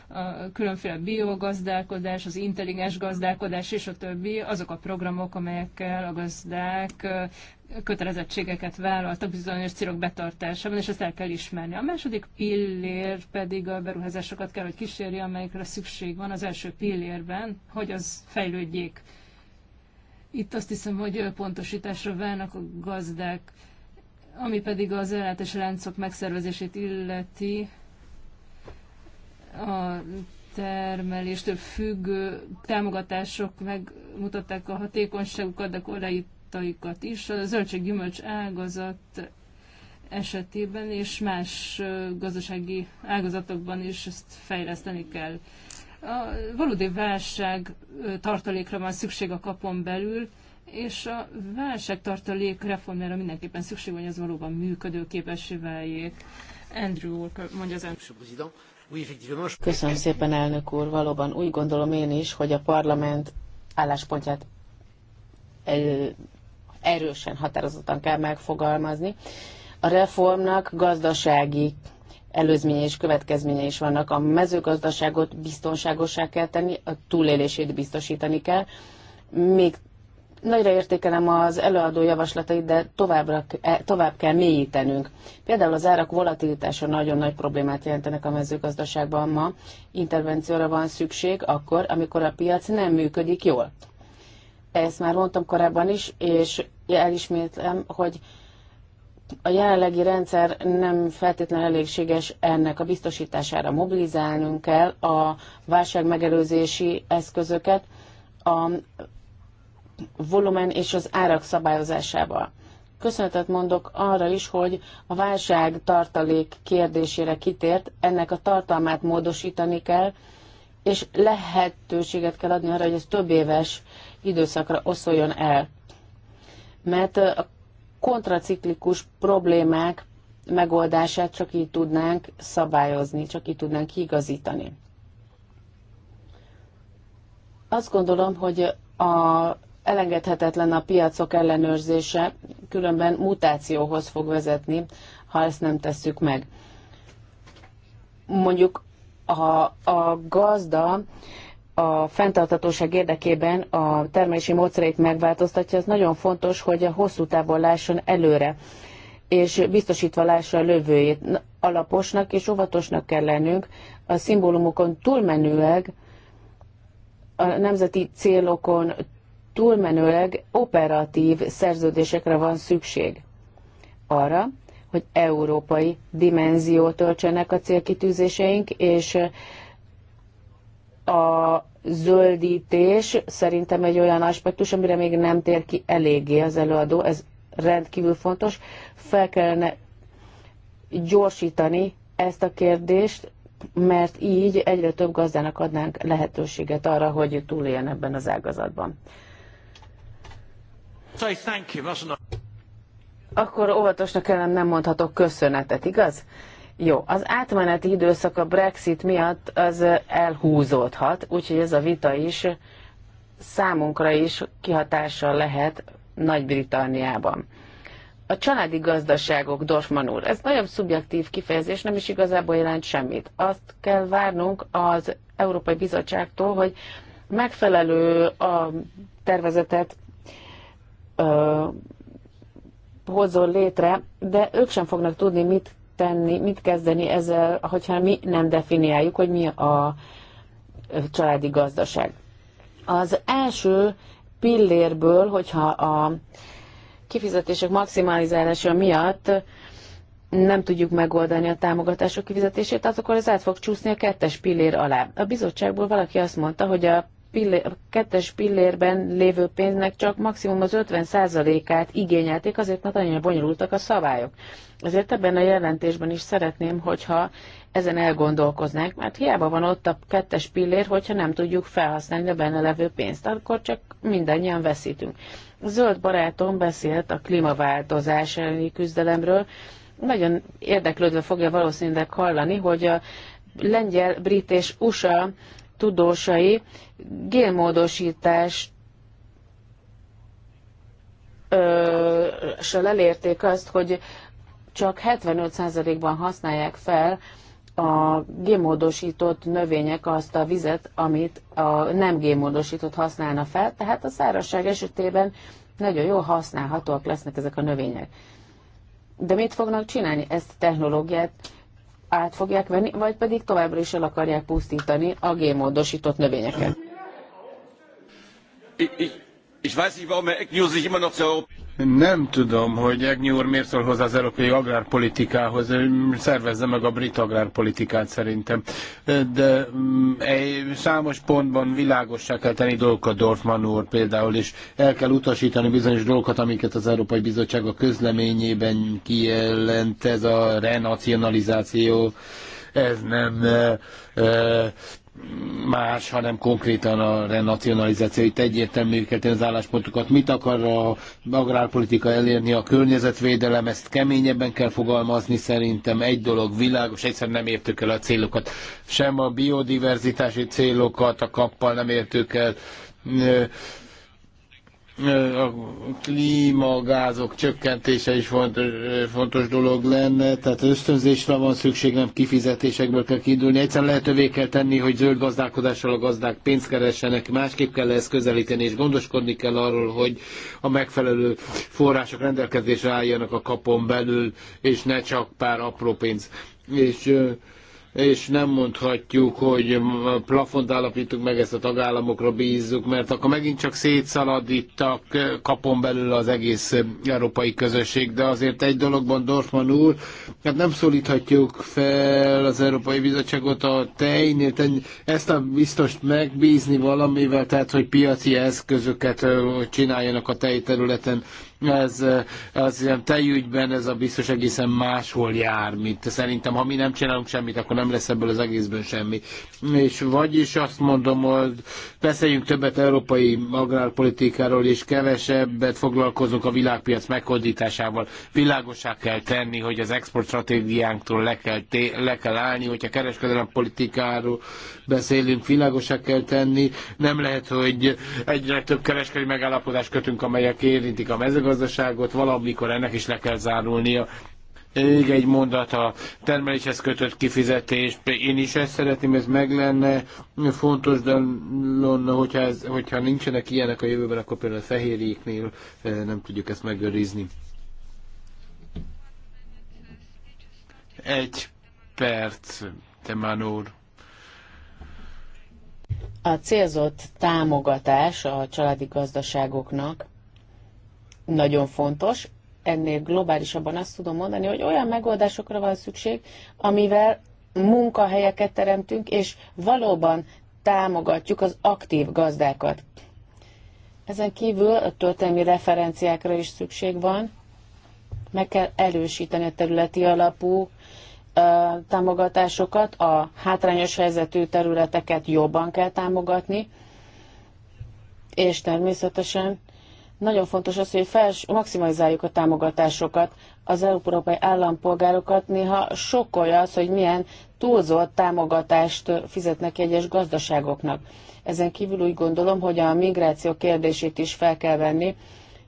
a különféle biogazdálkodás, az intelligens gazdálkodás és a többi, azok a programok, amelyekkel a gazdák kötelezettségeket vállaltak bizonyos célok betartásában, és ezt el kell ismerni. A második pillér pedig a beruházásokat kell, hogy kísérje, amelyekre szükség van az első pillérben, hogy az fejlődjék. Itt azt hiszem, hogy pontosításra válnak a gazdák. Ami pedig az ellátás láncok megszervezését illeti, a termeléstől függő támogatások megmutatták a hatékonyságukat, de korreitaikat is. A zöldség-gyümölcs ágazat esetében és más gazdasági ágazatokban is ezt fejleszteni kell. A valódi válság tartalékra van szükség a kapon belül, és a válságtartalék reformjára mindenképpen szükség van, hogy az valóban működő váljék. Andrew úr, mondja az elnök. Köszönöm szépen, elnök úr. Valóban úgy gondolom én is, hogy a parlament álláspontját erősen, határozottan kell megfogalmazni. A reformnak gazdasági előzménye és következménye is vannak. A mezőgazdaságot biztonságosá kell tenni, a túlélését biztosítani kell, még Nagyra értékelem az előadó javaslatait, de továbbra, e- tovább kell mélyítenünk. Például az árak volatilitása nagyon nagy problémát jelentenek a mezőgazdaságban ma. Intervencióra van szükség akkor, amikor a piac nem működik jól. Ezt már mondtam korábban is, és elismétlem, hogy a jelenlegi rendszer nem feltétlenül elégséges ennek a biztosítására. Mobilizálnunk kell a válság megelőzési eszközöket, a volumen és az árak szabályozásába. Köszönetet mondok arra is, hogy a válság tartalék kérdésére kitért, ennek a tartalmát módosítani kell, és lehetőséget kell adni arra, hogy ez több éves időszakra oszoljon el. Mert a kontraciklikus problémák megoldását csak így tudnánk szabályozni, csak így tudnánk igazítani. Azt gondolom, hogy a Elengedhetetlen a piacok ellenőrzése, különben mutációhoz fog vezetni, ha ezt nem tesszük meg. Mondjuk a, a gazda a fenntartatóság érdekében a termelési módszereit megváltoztatja, ez nagyon fontos, hogy a hosszú távon lásson előre, és biztosítva lássa a lövőjét. Alaposnak és óvatosnak kell lennünk, a szimbólumokon túlmenőleg, a nemzeti célokon túlmenőleg operatív szerződésekre van szükség. Arra, hogy európai dimenziót töltsenek a célkitűzéseink, és a zöldítés szerintem egy olyan aspektus, amire még nem tér ki eléggé az előadó, ez rendkívül fontos. Fel kellene gyorsítani ezt a kérdést, mert így egyre több gazdának adnánk lehetőséget arra, hogy túléljen ebben az ágazatban. Akkor óvatosnak kellene nem mondhatok köszönetet, igaz? Jó, az átmeneti időszak a Brexit miatt az elhúzódhat, úgyhogy ez a vita is számunkra is kihatással lehet Nagy-Britanniában. A családi gazdaságok, Dorfman úr, ez nagyon szubjektív kifejezés, nem is igazából jelent semmit. Azt kell várnunk az Európai Bizottságtól, hogy megfelelő a tervezetet ö, hozzon létre, de ők sem fognak tudni, mit tenni, mit kezdeni ezzel, hogyha mi nem definiáljuk, hogy mi a családi gazdaság. Az első pillérből, hogyha a kifizetések maximalizálása miatt nem tudjuk megoldani a támogatások kifizetését, az akkor ez át fog csúszni a kettes pillér alá. A bizottságból valaki azt mondta, hogy a pillér, kettes pillérben lévő pénznek csak maximum az 50%-át igényelték, azért mert annyira bonyolultak a szabályok. Ezért ebben a jelentésben is szeretném, hogyha ezen elgondolkoznánk, mert hiába van ott a kettes pillér, hogyha nem tudjuk felhasználni a benne levő pénzt, akkor csak mindannyian veszítünk. A zöld barátom beszélt a klímaváltozás elleni küzdelemről, nagyon érdeklődve fogja valószínűleg hallani, hogy a lengyel, brit és USA tudósai génmódosítást elérték azt, hogy csak 75%-ban használják fel a gémódosított növények azt a vizet, amit a nem gémódosított használna fel, tehát a szárazság esetében nagyon jól használhatóak lesznek ezek a növények. De mit fognak csinálni? Ezt a technológiát át fogják venni, vagy pedig továbbra is el akarják pusztítani a gémódosított növényeket. Nem tudom, hogy úr miért szól hozzá az európai agrárpolitikához, szervezze meg a brit agrárpolitikát szerintem. De mm, egy számos pontban világossá kell tenni dolgokat Dorfman úr például, és el kell utasítani bizonyos dolgokat, amiket az Európai Bizottság a közleményében kijelent, ez a renacionalizáció, ez nem eh, eh, más, hanem konkrétan a renacionalizáció. Itt egyértelmű kell az álláspontokat. Mit akar a agrárpolitika elérni a környezetvédelem? Ezt keményebben kell fogalmazni szerintem. Egy dolog világos, egyszerűen nem értük el a célokat. Sem a biodiverzitási célokat a kappal nem értük el a klímagázok csökkentése is fontos, fontos dolog lenne, tehát ösztönzésre van szükség, nem kifizetésekből kell kiindulni. Egyszerűen lehetővé kell tenni, hogy zöld gazdálkodással a gazdák pénzt keressenek, másképp kell ezt közelíteni, és gondoskodni kell arról, hogy a megfelelő források rendelkezésre álljanak a kapon belül, és ne csak pár apró pénz. És és nem mondhatjuk, hogy plafont állapítunk meg, ezt a tagállamokra bízzuk, mert akkor megint csak szétszalad itt a kapon belül az egész európai közösség, de azért egy dologban Dorfman úr, hát nem szólíthatjuk fel az Európai Bizottságot a tejnél, ezt a biztos megbízni valamivel, tehát hogy piaci eszközöket csináljanak a tejterületen, ez eh, az hiszem tejügyben ez a biztos egészen máshol jár, mint szerintem, ha mi nem csinálunk semmit, akkor nem lesz ebből az egészből semmi. És vagyis azt mondom, hogy beszéljünk többet európai agrárpolitikáról, és kevesebbet foglalkozunk a világpiac meghódításával. Világosá kell tenni, hogy az export stratégiánktól le kell, le kell állni, hogyha kereskedelem politikáról beszélünk, világosá kell tenni. Nem lehet, hogy egyre több kereskedelmi megállapodást kötünk, amelyek érintik a mezőgazdaságot, mezőgazdaságot, valamikor ennek is le kell zárulnia. Még egy mondat a termeléshez kötött kifizetés. Én is ezt szeretném, ez meg lenne fontos, de lonna, hogyha, ez, hogyha nincsenek ilyenek a jövőben, akkor például a fehérjéknél eh, nem tudjuk ezt megőrizni. Egy perc, Temanur. A célzott támogatás a családi gazdaságoknak nagyon fontos. Ennél globálisabban azt tudom mondani, hogy olyan megoldásokra van szükség, amivel munkahelyeket teremtünk, és valóban támogatjuk az aktív gazdákat. Ezen kívül a történelmi referenciákra is szükség van. Meg kell erősíteni a területi alapú támogatásokat, a hátrányos helyzetű területeket jobban kell támogatni, és természetesen nagyon fontos az, hogy fels, maximalizáljuk a támogatásokat. Az európai állampolgárokat néha sokkolja az, hogy milyen túlzott támogatást fizetnek egyes gazdaságoknak. Ezen kívül úgy gondolom, hogy a migráció kérdését is fel kell venni,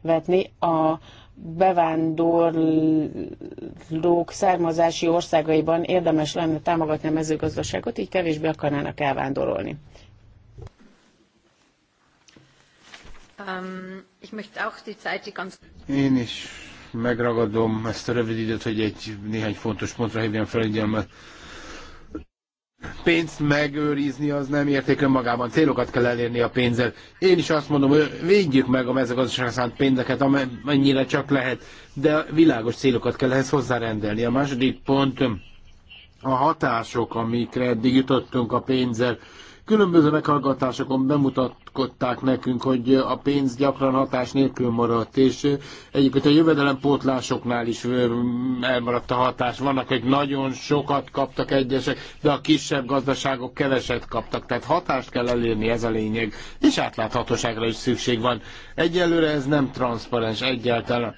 vetni a bevándorlók származási országaiban érdemes lenne támogatni a mezőgazdaságot, így kevésbé akarnának elvándorolni. Um, Én is megragadom ezt a rövid időt, hogy egy néhány fontos pontra hívjam fel figyelmet. Pénzt megőrizni az nem érték önmagában, célokat kell elérni a pénzzel. Én is azt mondom, hogy védjük meg a mezőgazdaság szánt pénzeket, amennyire csak lehet, de világos célokat kell ehhez hozzárendelni. A második pont a hatások, amikre eddig jutottunk a pénzzel Különböző meghallgatásokon bemutatkozták nekünk, hogy a pénz gyakran hatás nélkül maradt, és egyébként a jövedelempótlásoknál is elmaradt a hatás. Vannak, hogy nagyon sokat kaptak egyesek, de a kisebb gazdaságok keveset kaptak. Tehát hatást kell elérni, ez a lényeg, és átláthatóságra is szükség van. Egyelőre ez nem transzparens egyáltalán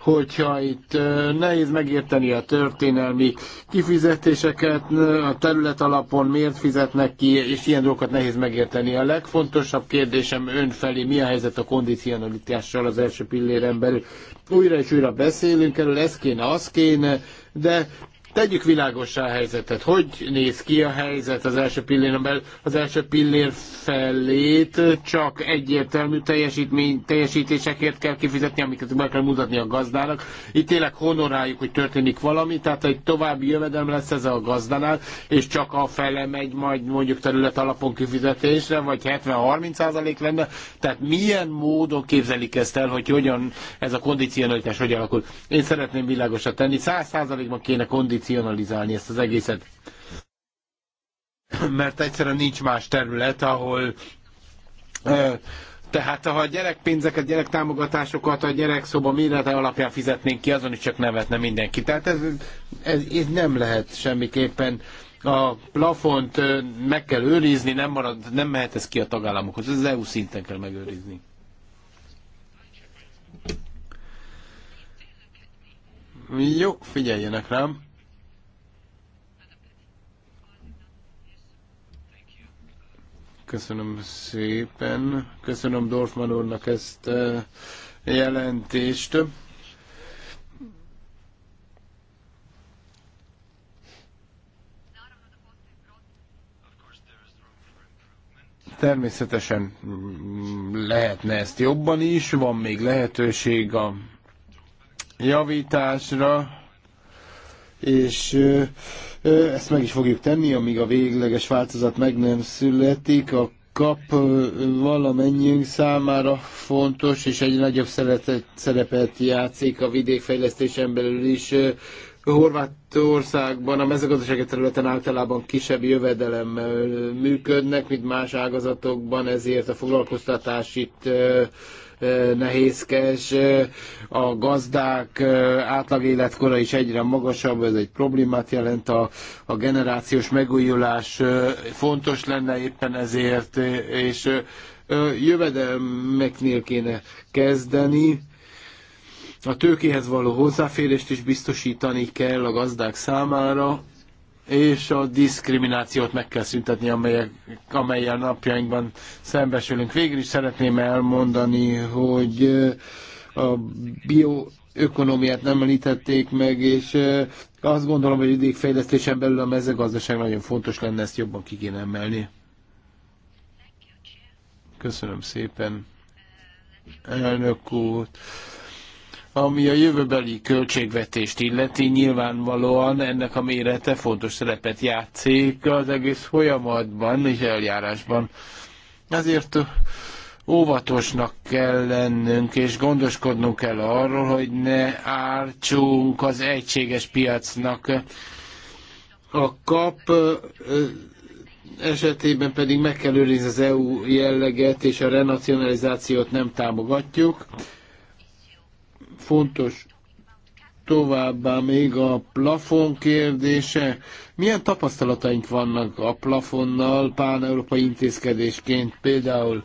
hogyha itt nehéz megérteni a történelmi kifizetéseket, a terület alapon miért fizetnek ki, és ilyen dolgokat nehéz megérteni. A legfontosabb kérdésem önfelé, mi a helyzet a kondicionalitással az első pilléren belül. Újra és újra beszélünk erről, ez kéne, az kéne, de Tegyük világossá a helyzetet. Hogy néz ki a helyzet az első pillérben? Az első pillér felét csak egyértelmű teljesítmény, teljesítésekért kell kifizetni, amiket meg kell mutatni a gazdának. Itt tényleg honoráljuk, hogy történik valami, tehát egy további jövedelem lesz ez a gazdánál, és csak a fele megy majd mondjuk terület alapon kifizetésre, vagy 70-30% lenne. Tehát milyen módon képzelik ezt el, hogy hogyan ez a kondicionalitás hogy alakul? Én szeretném világosat tenni. 100%-ban kéne kondicionalitás kondicionalizálni ezt az egészet. Mert egyszerűen nincs más terület, ahol tehát ha a gyerekpénzeket, gyerektámogatásokat a gyerekszoba mérete alapján fizetnénk ki, azon is csak nevetne mindenki. Tehát ez, ez, ez nem lehet semmiképpen. A plafont meg kell őrizni, nem, marad, nem mehet ez ki a tagállamokhoz. Ez az EU szinten kell megőrizni. Jó, figyeljenek rám. Köszönöm szépen. Köszönöm Dorfman úrnak ezt a eh, jelentést. Természetesen lehetne ezt jobban is, van még lehetőség a javításra, és eh, ezt meg is fogjuk tenni, amíg a végleges változat meg nem születik, a kap valamennyiünk számára fontos, és egy nagyobb szerepet játszik a vidékfejlesztésen belül is. Horvátországban a mezőgazdasági területen általában kisebb jövedelemmel működnek, mint más ágazatokban, ezért a foglalkoztatás itt nehézkes, a gazdák átlag életkora is egyre magasabb, ez egy problémát jelent, a, a generációs megújulás fontos lenne éppen ezért, és jövedelmeknél kéne kezdeni, a tőkéhez való hozzáférést is biztosítani kell a gazdák számára, és a diszkriminációt meg kell szüntetni, amelyek, amelyel napjainkban szembesülünk. Végül is szeretném elmondani, hogy a bioökonomiát nem említették meg, és azt gondolom, hogy vidékfejlesztésen belül a mezőgazdaság nagyon fontos lenne, ezt jobban ki kéne emelni. Köszönöm szépen, elnök úr. Ami a jövőbeli költségvetést illeti, nyilvánvalóan ennek a mérete fontos szerepet játszik az egész folyamatban és eljárásban. Ezért óvatosnak kell lennünk, és gondoskodnunk kell arról, hogy ne ártsunk az egységes piacnak. A kap esetében pedig meg kell őrizni az EU jelleget, és a renacionalizációt nem támogatjuk fontos továbbá még a plafon kérdése. Milyen tapasztalataink vannak a plafonnal pán-európai intézkedésként? Például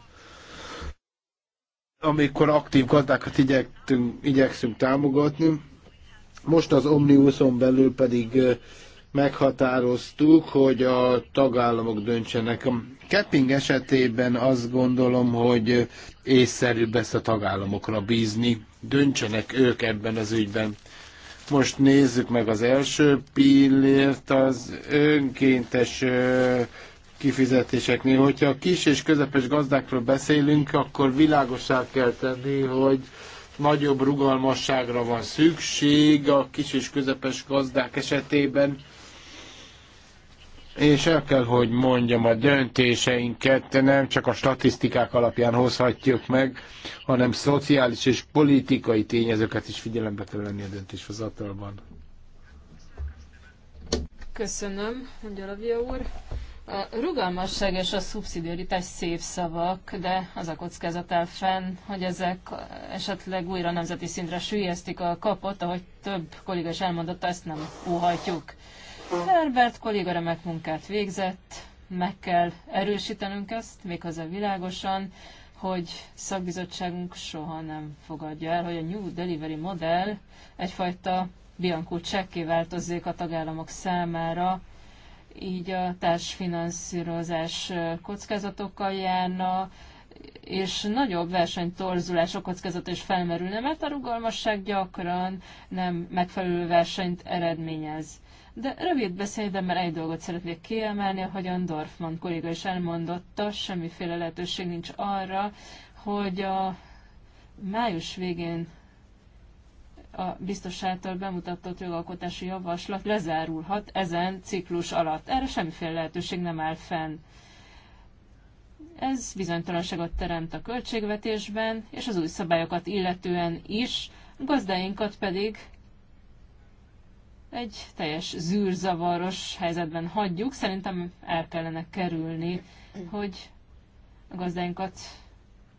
amikor aktív gazdákat igyektünk, igyekszünk támogatni. Most az Omniuson belül pedig meghatároztuk, hogy a tagállamok döntsenek. A Kepping esetében azt gondolom, hogy észszerűbb ezt a tagállamokra bízni döntsenek ők ebben az ügyben. Most nézzük meg az első pillért, az önkéntes kifizetéseknél. Hogyha a kis és közepes gazdákról beszélünk, akkor világosá kell tenni, hogy nagyobb rugalmasságra van szükség a kis és közepes gazdák esetében és el kell, hogy mondjam, a döntéseinket nem csak a statisztikák alapján hozhatjuk meg, hanem szociális és politikai tényezőket is figyelembe kell lenni a döntéshozatalban. Köszönöm, Gyarabia úr. A rugalmasság és a szubszidiaritás szép szavak, de az a kockázat el fenn, hogy ezek esetleg újra nemzeti szintre sűjesztik a kapot, ahogy több kolléga is elmondotta, ezt nem óhajtjuk. Herbert kolléga remek munkát végzett, meg kell erősítenünk ezt, méghozzá világosan, hogy szakbizottságunk soha nem fogadja el, hogy a New Delivery modell egyfajta Bianco csekké változzék a tagállamok számára, így a társfinanszírozás kockázatokkal járna, és nagyobb a kockázata is felmerülne, mert a rugalmasság gyakran nem megfelelő versenyt eredményez. De rövid mert egy dolgot szeretnék kiemelni, ahogyan Dorfman kolléga is elmondotta, semmiféle lehetőség nincs arra, hogy a május végén a biztos által bemutatott jogalkotási javaslat lezárulhat ezen ciklus alatt. Erre semmiféle lehetőség nem áll fenn. Ez bizonytalanságot teremt a költségvetésben, és az új szabályokat illetően is, gazdáinkat pedig egy teljes zűrzavaros helyzetben hagyjuk. Szerintem el kellene kerülni, hogy a gazdáinkat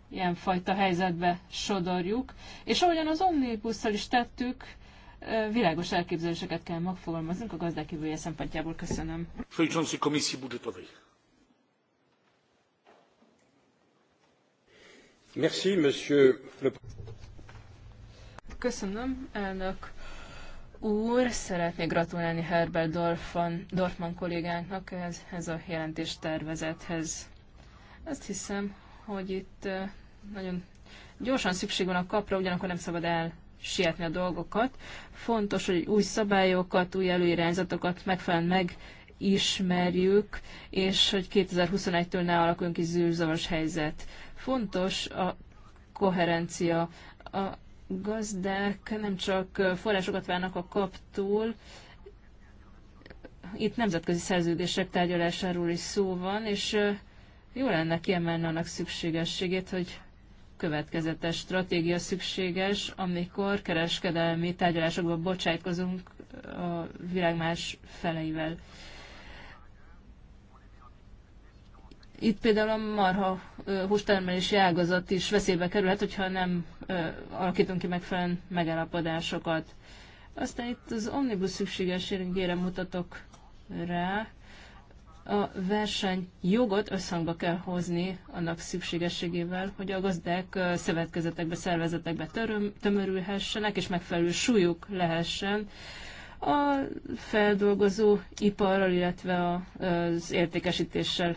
ilyenfajta helyzetbe sodorjuk. És ahogyan az omnibusszal is tettük, világos elképzeléseket kell megfogalmaznunk a gazdák jövője szempontjából. Köszönöm. Przewodniczący Komisji Budżetowej. Merci, monsieur le... Köszönöm, elnök úr, szeretnék gratulálni Herbert Dorfman, Dorfman kollégánknak ez, ez a jelentés tervezethez. Azt hiszem, hogy itt nagyon gyorsan szükség van a kapra, ugyanakkor nem szabad el sietni a dolgokat. Fontos, hogy új szabályokat, új előirányzatokat megfelelően megismerjük, és hogy 2021-től ne alakuljon ki zűrzavas helyzet. Fontos a koherencia. A gazdák nem csak forrásokat várnak a kaptól, itt nemzetközi szerződések tárgyalásáról is szó van, és jó lenne kiemelni annak szükségességét, hogy következetes stratégia szükséges, amikor kereskedelmi tárgyalásokba bocsájtkozunk a világ más feleivel. Itt például a marha hústermelési ágazat is veszélybe kerülhet, hogyha nem alakítunk ki megfelelően megállapodásokat. Aztán itt az omnibus szükségességére mutatok rá. A verseny jogot összhangba kell hozni annak szükségességével, hogy a gazdák szövetkezetekbe, szervezetekbe töröm, tömörülhessenek, és megfelelő súlyuk lehessen a feldolgozó iparral, illetve az értékesítéssel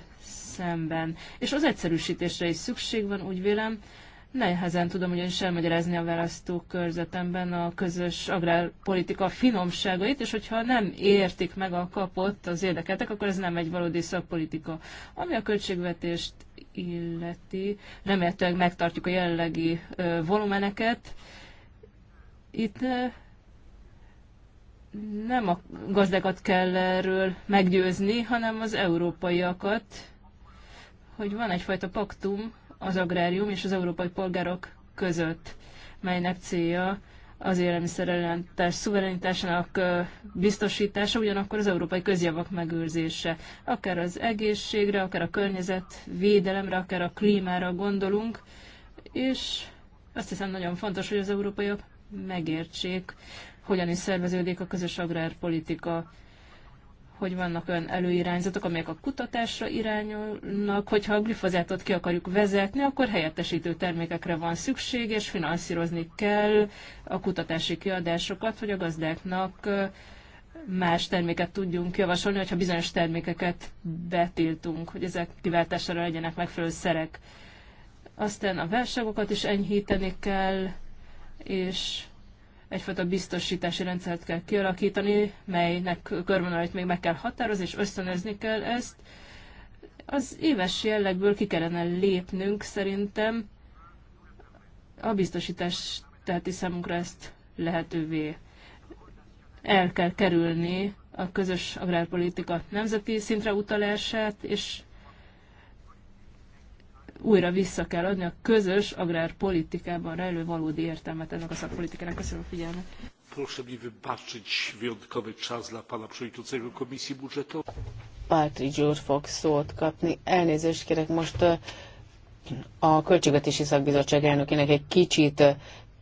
szemben. És az egyszerűsítésre is szükség van, úgy vélem, Nehezen tudom ugyanis elmagyarázni a körzetemben a közös agrárpolitika finomságait, és hogyha nem értik meg a kapott az érdekeltek, akkor ez nem egy valódi szakpolitika. Ami a költségvetést illeti, remélhetőleg megtartjuk a jelenlegi ö, volumeneket. Itt ö, nem a gazdákat kell erről meggyőzni, hanem az európaiakat, hogy van egyfajta paktum az agrárium és az európai polgárok között, melynek célja az élelmiszerellentás szuverenitásának biztosítása, ugyanakkor az európai közjavak megőrzése. Akár az egészségre, akár a környezet védelemre, akár a klímára gondolunk, és azt hiszem nagyon fontos, hogy az európaiak megértsék, hogyan is szerveződik a közös agrárpolitika hogy vannak olyan előirányzatok, amelyek a kutatásra irányulnak, hogyha a glifozátot ki akarjuk vezetni, akkor helyettesítő termékekre van szükség, és finanszírozni kell a kutatási kiadásokat, hogy a gazdáknak más terméket tudjunk javasolni, hogyha bizonyos termékeket betiltunk, hogy ezek kiváltására legyenek megfelelő szerek. Aztán a válságokat is enyhíteni kell, és egyfajta biztosítási rendszert kell kialakítani, melynek körvonalait még meg kell határozni, és ösztönözni kell ezt. Az éves jellegből ki kellene lépnünk szerintem. A biztosítás teheti számunkra ezt lehetővé. El kell kerülni a közös agrárpolitika nemzeti szintre utalását, és újra vissza kell adni a közös agrárpolitikában rejlő valódi értelmet ennek a szakpolitikának. Köszönöm a figyelmet. Proszę mi wybaczyć wyjątkowy czas dla pana przewodniczącego Komisji Budżetowej. úr fog szót kapni. Elnézést kérek, most a Költségvetési Szakbizottság elnökének egy kicsit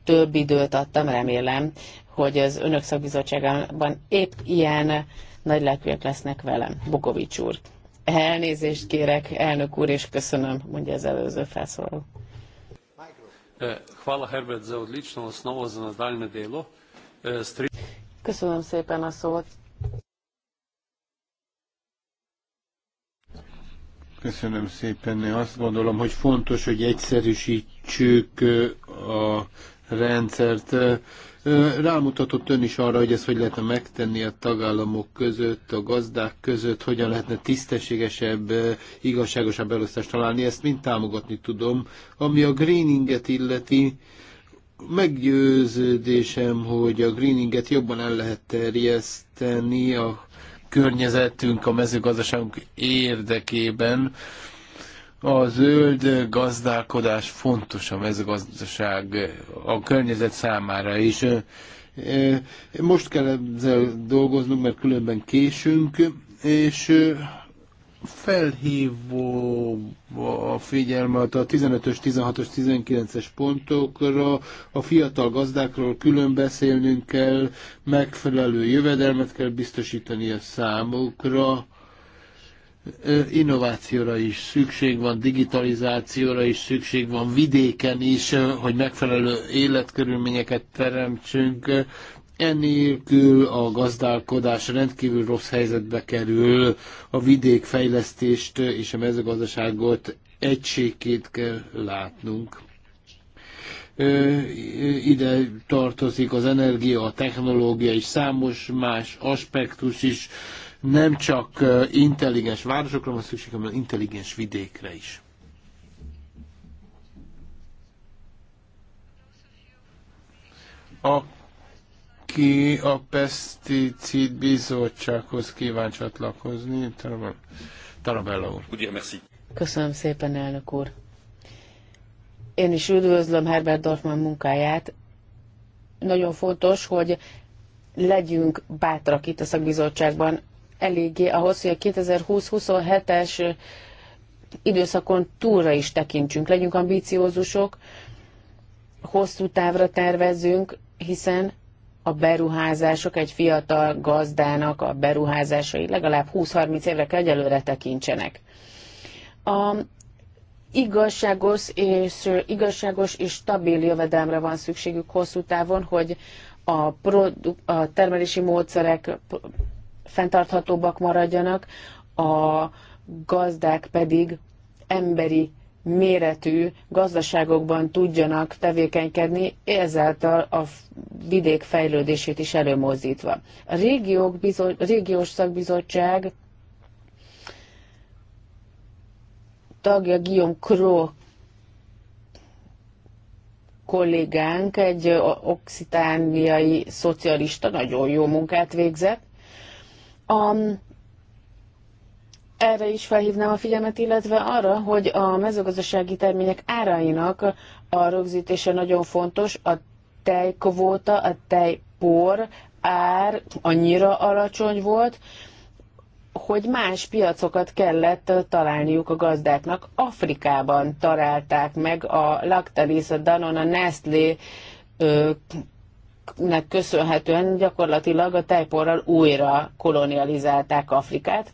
több időt adtam, remélem, hogy az önök szakbizottságában épp ilyen nagy lelkűek lesznek velem. Bogovics úr. Elnézést kérek, elnök úr, és köszönöm, mondja az előző felszólaló. Eh, eh, köszönöm szépen a szót. Köszönöm szépen. Én azt gondolom, hogy fontos, hogy egyszerűsítsük eh, a rendszert Rámutatott ön is arra, hogy ezt hogy lehetne megtenni a tagállamok között, a gazdák között, hogyan lehetne tisztességesebb, igazságosabb elosztást találni, ezt mind támogatni tudom. Ami a greeninget illeti, meggyőződésem, hogy a greeninget jobban el lehet terjeszteni a környezetünk, a mezőgazdaságunk érdekében. A zöld gazdálkodás fontos a mezőgazdaság a környezet számára is. Most kell ezzel dolgoznunk, mert különben késünk, és felhívó a figyelmet a 15-ös, 16-os, 19-es pontokra, a fiatal gazdákról külön beszélnünk kell, megfelelő jövedelmet kell biztosítani a számukra, innovációra is szükség van, digitalizációra is szükség van, vidéken is, hogy megfelelő életkörülményeket teremtsünk. Ennélkül a gazdálkodás rendkívül rossz helyzetbe kerül, a vidék fejlesztést és a mezőgazdaságot egységként kell látnunk ide tartozik az energia, a technológia és számos más aspektus is nem csak intelligens városokra van szükség, hanem intelligens vidékre is. Aki a Pesticid Bizottsághoz kíván csatlakozni, Tarabella úr. Köszönöm szépen, elnök úr. Én is üdvözlöm Herbert Dorfman munkáját. Nagyon fontos, hogy legyünk bátrak itt a szakbizottságban eléggé ahhoz, hogy a 2020-27-es időszakon túlra is tekintsünk, legyünk ambíciózusok, hosszú távra tervezzünk, hiszen a beruházások egy fiatal gazdának a beruházásai legalább 20-30 évre kell előre tekintsenek. A igazságos és, igazságos és stabil jövedelemre van szükségük hosszú távon, hogy a, produ- a termelési módszerek, fenntarthatóbbak maradjanak, a gazdák pedig emberi méretű gazdaságokban tudjanak tevékenykedni, ezáltal a vidék fejlődését is előmozdítva. A régiók bizony, a régiós szakbizottság tagja Guillaume Kro kollégánk, egy oxitániai szocialista, nagyon jó munkát végzett, a, erre is felhívnám a figyelmet, illetve arra, hogy a mezőgazdasági termények árainak a rögzítése nagyon fontos, a tejkvóta, a tejpor ár annyira alacsony volt, hogy más piacokat kellett találniuk a gazdáknak. Afrikában találták meg a Lactalis, a Danone, a Nestlé nek köszönhetően gyakorlatilag a tejporral újra kolonializálták Afrikát,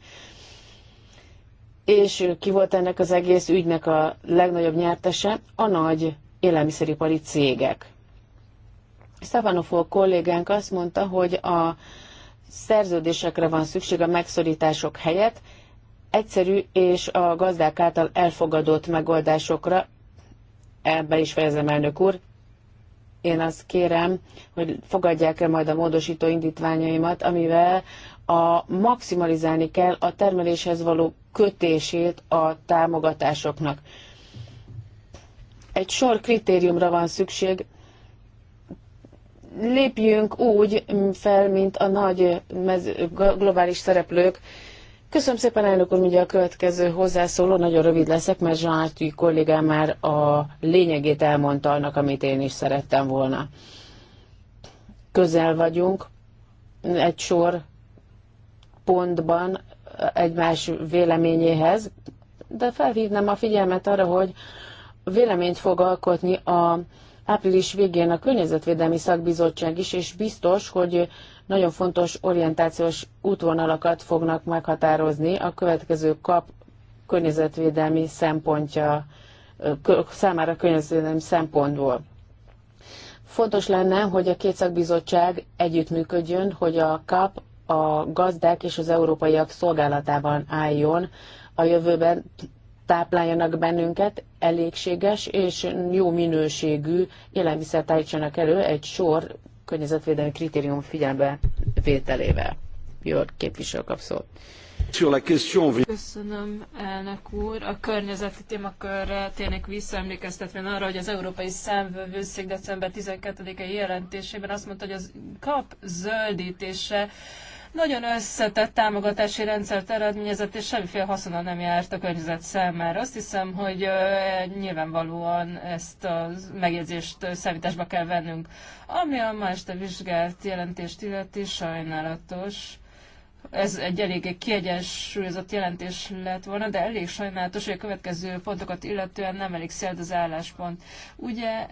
és ki volt ennek az egész ügynek a legnagyobb nyertese? A nagy élelmiszeripari cégek. Stefanofó kollégánk azt mondta, hogy a szerződésekre van szükség a megszorítások helyett, egyszerű és a gazdák által elfogadott megoldásokra, ebben is fejezem elnök úr, én azt kérem, hogy fogadják el majd a módosító indítványaimat, amivel a maximalizálni kell a termeléshez való kötését a támogatásoknak. Egy sor kritériumra van szükség. Lépjünk úgy fel, mint a nagy globális szereplők Köszönöm szépen, elnök úr, ugye a következő hozzászóló, nagyon rövid leszek, mert Zsánártű kollégám már a lényegét elmondta annak, amit én is szerettem volna. Közel vagyunk, egy sor pontban egymás véleményéhez, de felhívnám a figyelmet arra, hogy véleményt fog alkotni a április végén a Környezetvédelmi Szakbizottság is, és biztos, hogy nagyon fontos orientációs útvonalakat fognak meghatározni a következő kap környezetvédelmi szempontja számára környezetvédelmi szempontból. Fontos lenne, hogy a két szakbizottság együttműködjön, hogy a KAP a gazdák és az európaiak szolgálatában álljon a jövőben, tápláljanak bennünket, elégséges és jó minőségű élelmiszer állítsanak elő egy sor környezetvédelmi kritérium figyelembe vételével. Jól képviselő kap Köszönöm, elnök úr. A környezeti témakörre tényleg visszaemlékeztetve arra, hogy az Európai Számvevőszék december 12-i jelentésében azt mondta, hogy az kap zöldítése nagyon összetett támogatási rendszert eredményezett, és semmiféle haszona nem járt a környezet számára. Azt hiszem, hogy nyilvánvalóan ezt a megjegyzést számításba kell vennünk. Ami a ma este vizsgált jelentést illeti, sajnálatos ez egy eléggé kiegyensúlyozott jelentés lett volna, de elég sajnálatos, hogy a következő pontokat illetően nem elég széld az álláspont. Ugye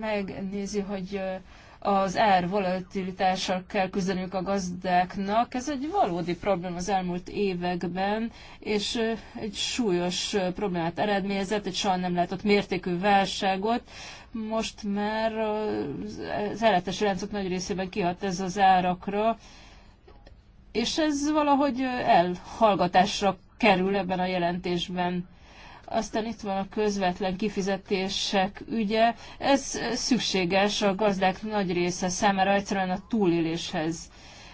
megnézi, hogy az ár volatilitással kell küzdeniük a gazdáknak. Ez egy valódi probléma az elmúlt években, és egy súlyos problémát eredményezett, egy soha nem látott mértékű válságot. Most már az ellátási láncok nagy részében kihat ez az árakra, és ez valahogy elhallgatásra kerül ebben a jelentésben. Aztán itt van a közvetlen kifizetések ügye. Ez szükséges a gazdák nagy része számára egyszerűen a túléléshez.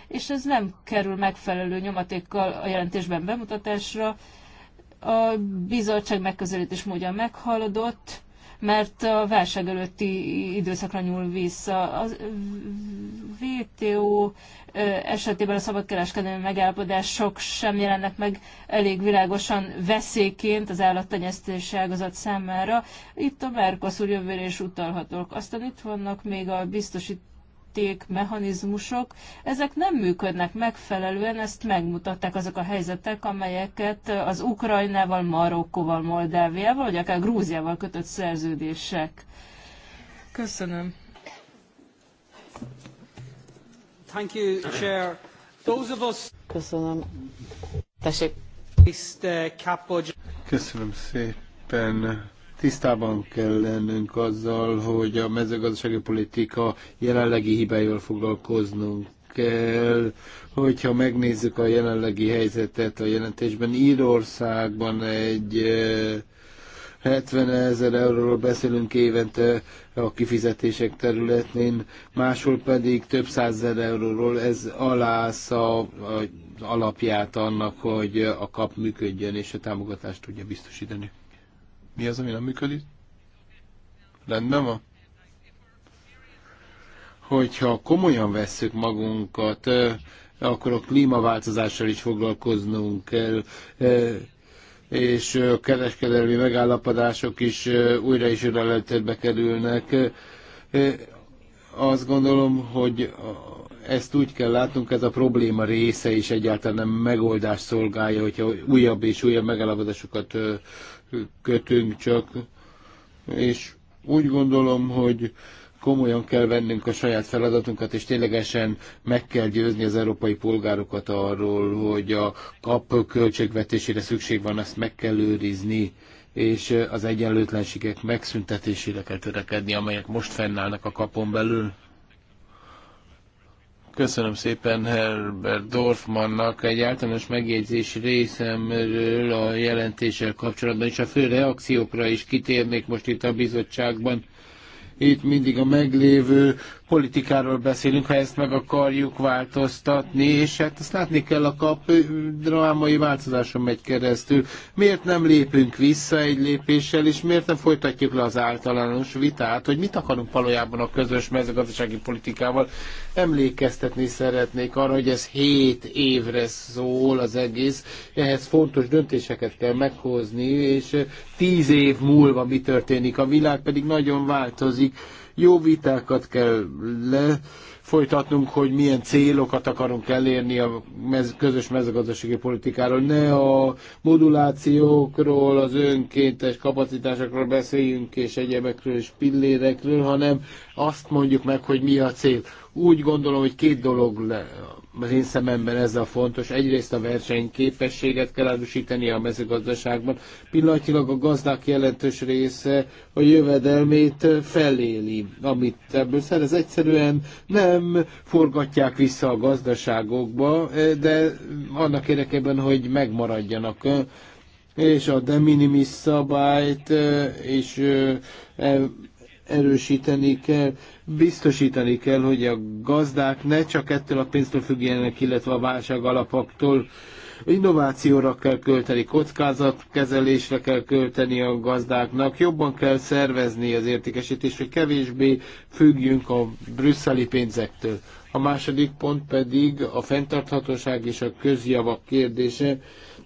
És ez nem kerül megfelelő nyomatékkal a jelentésben bemutatásra. A bizottság megközelítés módja meghaladott mert a válság előtti időszakra nyúl vissza. A WTO esetében a szabadkereskedelmi megállapodások sem jelennek meg elég világosan veszélyként az állattenyésztési ágazat számára. Itt a Mercosur jövőre is utalhatok. Aztán itt vannak még a biztosít mechanizmusok, ezek nem működnek megfelelően, ezt megmutatták azok a helyzetek, amelyeket az Ukrajnával, Marokkóval, Moldáviával, vagy akár Grúziával kötött szerződések. Köszönöm. Thank you, Chair. Those of us... Köszönöm. Tessék. Uh, Köszönöm szépen tisztában kell lennünk azzal, hogy a mezőgazdasági politika jelenlegi hibáival foglalkoznunk kell, hogyha megnézzük a jelenlegi helyzetet a jelentésben. Írországban egy 70 eh, ezer euróról beszélünk évente a kifizetések területén, máshol pedig több százezer euróról ez alásza az alapját annak, hogy a kap működjön és a támogatást tudja biztosítani. Mi az, ami nem működik? Rendben van? Hogyha komolyan vesszük magunkat, akkor a klímaváltozással is foglalkoznunk kell, és a kereskedelmi megállapodások is újra is üreletetbe kerülnek. Azt gondolom, hogy ezt úgy kell látnunk, ez a probléma része is egyáltalán nem megoldást szolgálja, hogyha újabb és újabb megállapodásokat kötünk csak, és úgy gondolom, hogy komolyan kell vennünk a saját feladatunkat, és ténylegesen meg kell győzni az európai polgárokat arról, hogy a kap költségvetésére szükség van, azt meg kell őrizni, és az egyenlőtlenségek megszüntetésére kell törekedni, amelyek most fennállnak a kapon belül. Köszönöm szépen Herbert Dorfmannak egy általános megjegyzés részemről a jelentéssel kapcsolatban, és a fő reakciókra is kitérnék most itt a bizottságban. Itt mindig a meglévő politikáról beszélünk, ha ezt meg akarjuk változtatni, és hát azt látni kell, a kap drámai változáson megy keresztül. Miért nem lépünk vissza egy lépéssel, és miért nem folytatjuk le az általános vitát, hogy mit akarunk valójában a közös mezőgazdasági politikával. Emlékeztetni szeretnék arra, hogy ez hét évre szól az egész, ehhez fontos döntéseket kell meghozni, és tíz év múlva mi történik. A világ pedig nagyon változik jó vitákat kell lefolytatnunk, hogy milyen célokat akarunk elérni a mez- közös mezőgazdasági politikáról. Ne a modulációkról, az önkéntes kapacitásokról beszéljünk, és egyebekről és pillérekről, hanem azt mondjuk meg, hogy mi a cél. Úgy gondolom, hogy két dolog le az én szememben ez a fontos. Egyrészt a versenyképességet kell erősíteni a mezőgazdaságban. Pillanatilag a gazdák jelentős része a jövedelmét feléli, amit ebből szerez. Egyszerűen nem forgatják vissza a gazdaságokba, de annak érdekében, hogy megmaradjanak és a de minimis szabályt, és erősíteni kell, biztosítani kell, hogy a gazdák ne csak ettől a pénztől függjenek, illetve a válság alapoktól. Innovációra kell költeni, kockázatkezelésre kell költeni a gazdáknak, jobban kell szervezni az értékesítést, hogy kevésbé függjünk a brüsszeli pénzektől. A második pont pedig a fenntarthatóság és a közjavak kérdése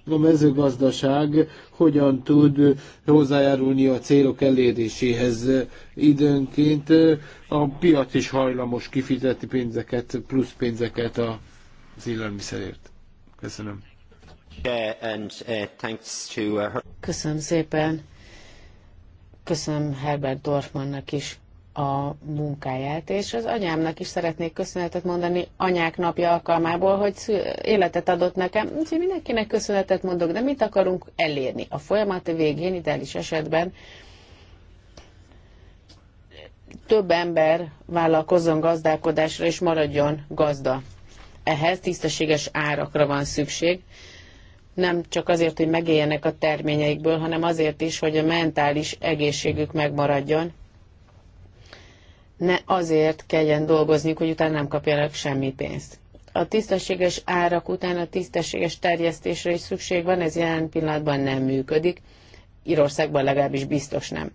a mezőgazdaság hogyan tud hozzájárulni a célok eléréséhez időnként. A piac is hajlamos kifizeti pénzeket, plusz pénzeket az élelmiszerért. Köszönöm. Köszönöm szépen. Köszönöm Herbert Dorfmannak is a munkáját, és az anyámnak is szeretnék köszönetet mondani anyák napja alkalmából, hogy életet adott nekem, úgyhogy mindenkinek köszönetet mondok, de mit akarunk elérni? A folyamat végén, ideális esetben több ember vállalkozzon gazdálkodásra és maradjon gazda. Ehhez tisztességes árakra van szükség, nem csak azért, hogy megéljenek a terményeikből, hanem azért is, hogy a mentális egészségük megmaradjon, ne azért kelljen dolgozniuk, hogy utána nem kapjanak semmi pénzt. A tisztességes árak után a tisztességes terjesztésre is szükség van, ez jelen pillanatban nem működik, Írországban legalábbis biztos nem.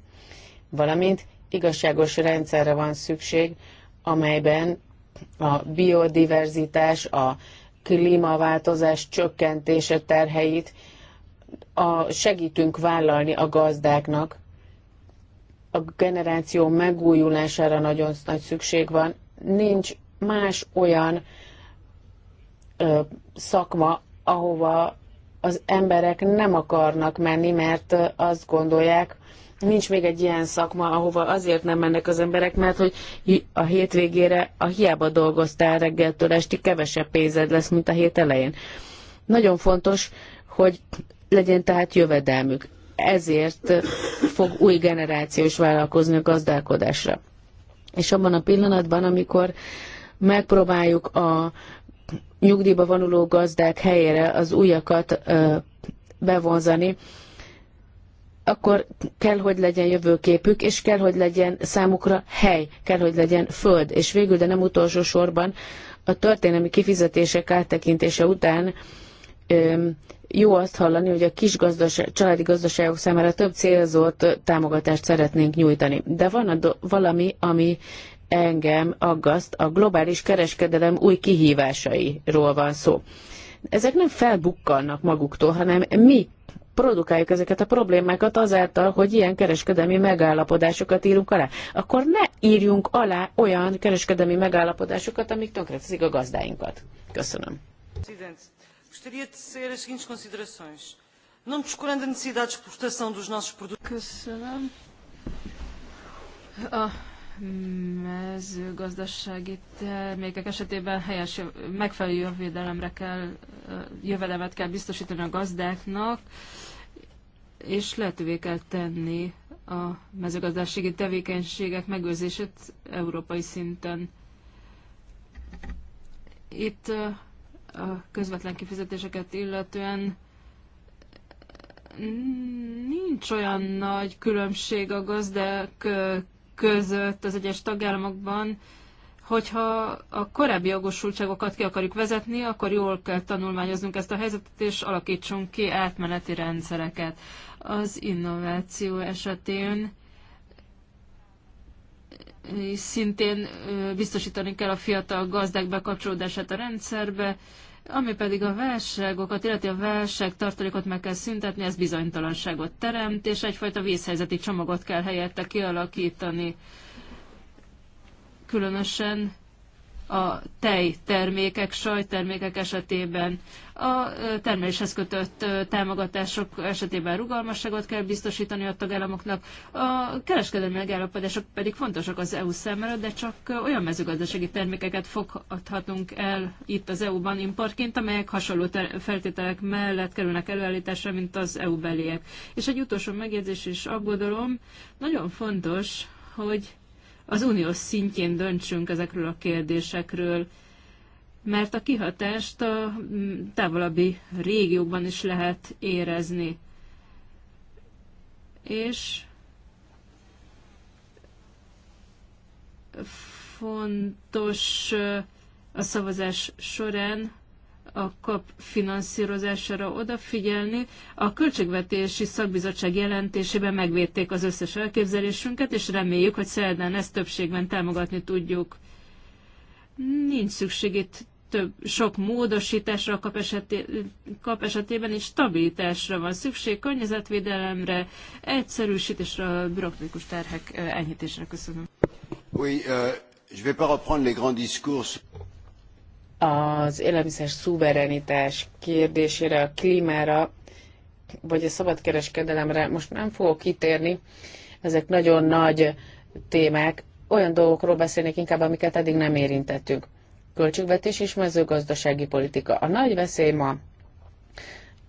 Valamint igazságos rendszerre van szükség, amelyben a biodiverzitás, a klímaváltozás csökkentése terheit a, segítünk vállalni a gazdáknak, a generáció megújulására nagyon nagy szükség van. Nincs más olyan ö, szakma, ahova az emberek nem akarnak menni, mert azt gondolják, nincs még egy ilyen szakma, ahova azért nem mennek az emberek, mert hogy a hétvégére a hiába dolgoztál reggeltől estig, kevesebb pénzed lesz, mint a hét elején. Nagyon fontos, hogy legyen tehát jövedelmük ezért fog új generáció is vállalkozni a gazdálkodásra. És abban a pillanatban, amikor megpróbáljuk a nyugdíjba vonuló gazdák helyére az újakat bevonzani, akkor kell, hogy legyen jövőképük, és kell, hogy legyen számukra hely, kell, hogy legyen föld. És végül, de nem utolsó sorban, a történelmi kifizetések áttekintése után jó azt hallani, hogy a kis gazdaság, családi gazdaságok számára több célzott támogatást szeretnénk nyújtani. De van valami, ami engem aggaszt, a globális kereskedelem új kihívásairól van szó. Ezek nem felbukkannak maguktól, hanem mi produkáljuk ezeket a problémákat azáltal, hogy ilyen kereskedelmi megállapodásokat írunk alá. Akkor ne írjunk alá olyan kereskedelmi megállapodásokat, amik tönkreteszik a gazdáinkat. Köszönöm. Gostaria de ser as seguintes considerações. Não descurando a necessidade de exportação dos nossos produtos. mezőgazdasági termékek esetében helyes, megfelelő jövedelemre kell, jövedelmet kell biztosítani a gazdáknak, és lehetővé kell tenni a mezőgazdasági tevékenységek megőrzését európai szinten. Itt a közvetlen kifizetéseket illetően nincs olyan nagy különbség a gazdák között az egyes tagállamokban, hogyha a korábbi jogosultságokat ki akarjuk vezetni, akkor jól kell tanulmányoznunk ezt a helyzetet, és alakítsunk ki átmeneti rendszereket. Az innováció esetén szintén biztosítani kell a fiatal gazdák bekapcsolódását a rendszerbe, ami pedig a válságokat, illetve a válság tartalékot meg kell szüntetni, ez bizonytalanságot teremt, és egyfajta vészhelyzeti csomagot kell helyette kialakítani. Különösen a tejtermékek, sajttermékek esetében. A termeléshez kötött támogatások esetében rugalmasságot kell biztosítani a tagállamoknak, a kereskedelmi megállapodások pedig fontosak az EU számára, de csak olyan mezőgazdasági termékeket foghatunk el itt az EU-ban importként, amelyek hasonló feltételek mellett kerülnek előállításra, mint az EU beliek. És egy utolsó megjegyzés és aggodalom, nagyon fontos, hogy az uniós szintjén döntsünk ezekről a kérdésekről, mert a kihatást a mm, távolabbi régióban is lehet érezni. És fontos a szavazás során a kap finanszírozására odafigyelni. A költségvetési szakbizottság jelentésében megvédték az összes elképzelésünket, és reméljük, hogy szerdán ezt többségben támogatni tudjuk. Nincs szükség itt több, sok módosításra a kap, eseté, kap esetében és stabilitásra van szükség, környezetvédelemre, egyszerűsítésre, a bürokratikus terhek eh, enyhítésre. Köszönöm. Oui, uh, je vais pas reprendre les grands discours az élelmiszer szuverenitás kérdésére, a klímára, vagy a szabadkereskedelemre most nem fogok kitérni, ezek nagyon nagy témák, olyan dolgokról beszélnék inkább, amiket eddig nem érintettünk. Költségvetés és mezőgazdasági politika. A nagy veszély ma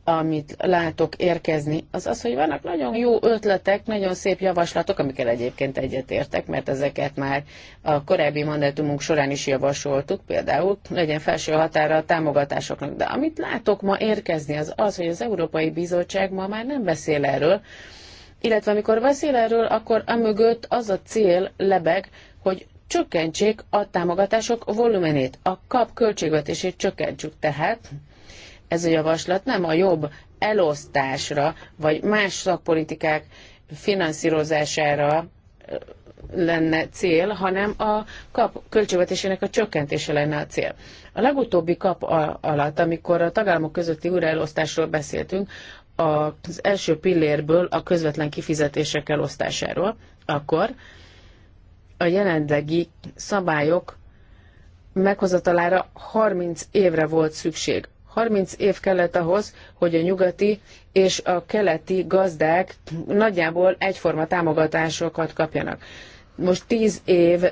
amit látok érkezni, az az, hogy vannak nagyon jó ötletek, nagyon szép javaslatok, amikkel egyébként egyetértek, mert ezeket már a korábbi mandátumunk során is javasoltuk, például legyen felső határa a támogatásoknak. De amit látok ma érkezni, az az, hogy az Európai Bizottság ma már nem beszél erről, illetve amikor beszél erről, akkor amögött az a cél lebeg, hogy csökkentsék a támogatások volumenét, a kap költségvetését csökkentsük. Tehát ez a javaslat nem a jobb elosztásra, vagy más szakpolitikák finanszírozására lenne cél, hanem a kap költségvetésének a csökkentése lenne a cél. A legutóbbi kap alatt, amikor a tagállamok közötti újraelosztásról beszéltünk, az első pillérből a közvetlen kifizetések elosztásáról, akkor a jelenlegi szabályok meghozatalára 30 évre volt szükség. 30 év kellett ahhoz, hogy a nyugati és a keleti gazdák nagyjából egyforma támogatásokat kapjanak. Most 10 év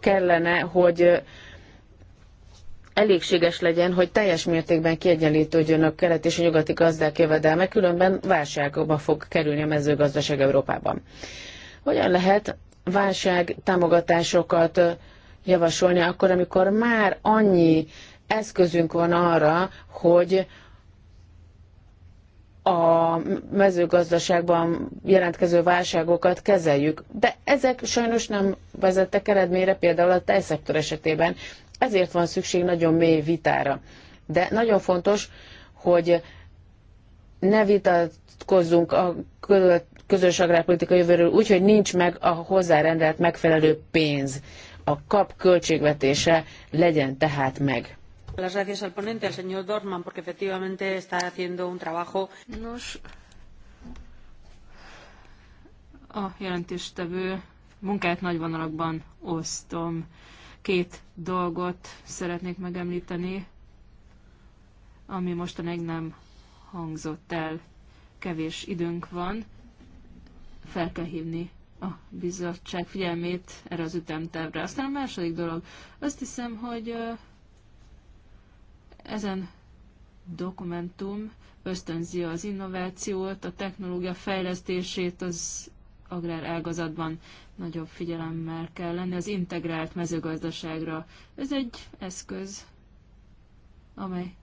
kellene, hogy elégséges legyen, hogy teljes mértékben kiegyenlítődjön a kelet és a nyugati gazdák jövedelme, különben válságba fog kerülni a mezőgazdaság Európában. Hogyan lehet válság támogatásokat javasolni akkor, amikor már annyi eszközünk van arra, hogy a mezőgazdaságban jelentkező válságokat kezeljük. De ezek sajnos nem vezettek eredményre, például a tejszektor esetében. Ezért van szükség nagyon mély vitára. De nagyon fontos, hogy ne vitatkozzunk a közös agrárpolitika jövőről úgy, hogy nincs meg a hozzárendelt megfelelő pénz. A kap költségvetése legyen tehát meg. Las gracias al ponente, al señor Dorman, porque efectivamente está haciendo un trabajo. Nos, a jelentéstevő munkáját nagy vonalakban osztom. Két dolgot szeretnék megemlíteni, ami mostanáig nem hangzott el. Kevés időnk van, fel kell hívni a bizottság figyelmét erre az ütemtervre. Aztán a második dolog, azt hiszem, hogy ezen dokumentum ösztönzi az innovációt, a technológia fejlesztését az agrár ágazatban nagyobb figyelemmel kell lenni az integrált mezőgazdaságra. Ez egy eszköz, amely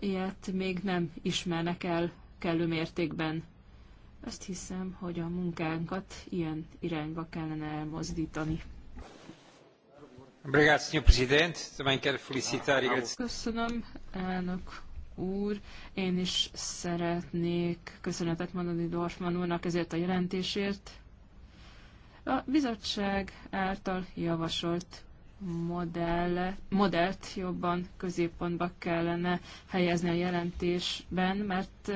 ilyet még nem ismernek el kellő mértékben. Azt hiszem, hogy a munkánkat ilyen irányba kellene elmozdítani. E Köszönöm, elnök úr. Én is szeretnék köszönetet mondani Dorfman úrnak ezért a jelentésért. A bizottság által javasolt modell, modellt jobban középpontba kellene helyezni a jelentésben, mert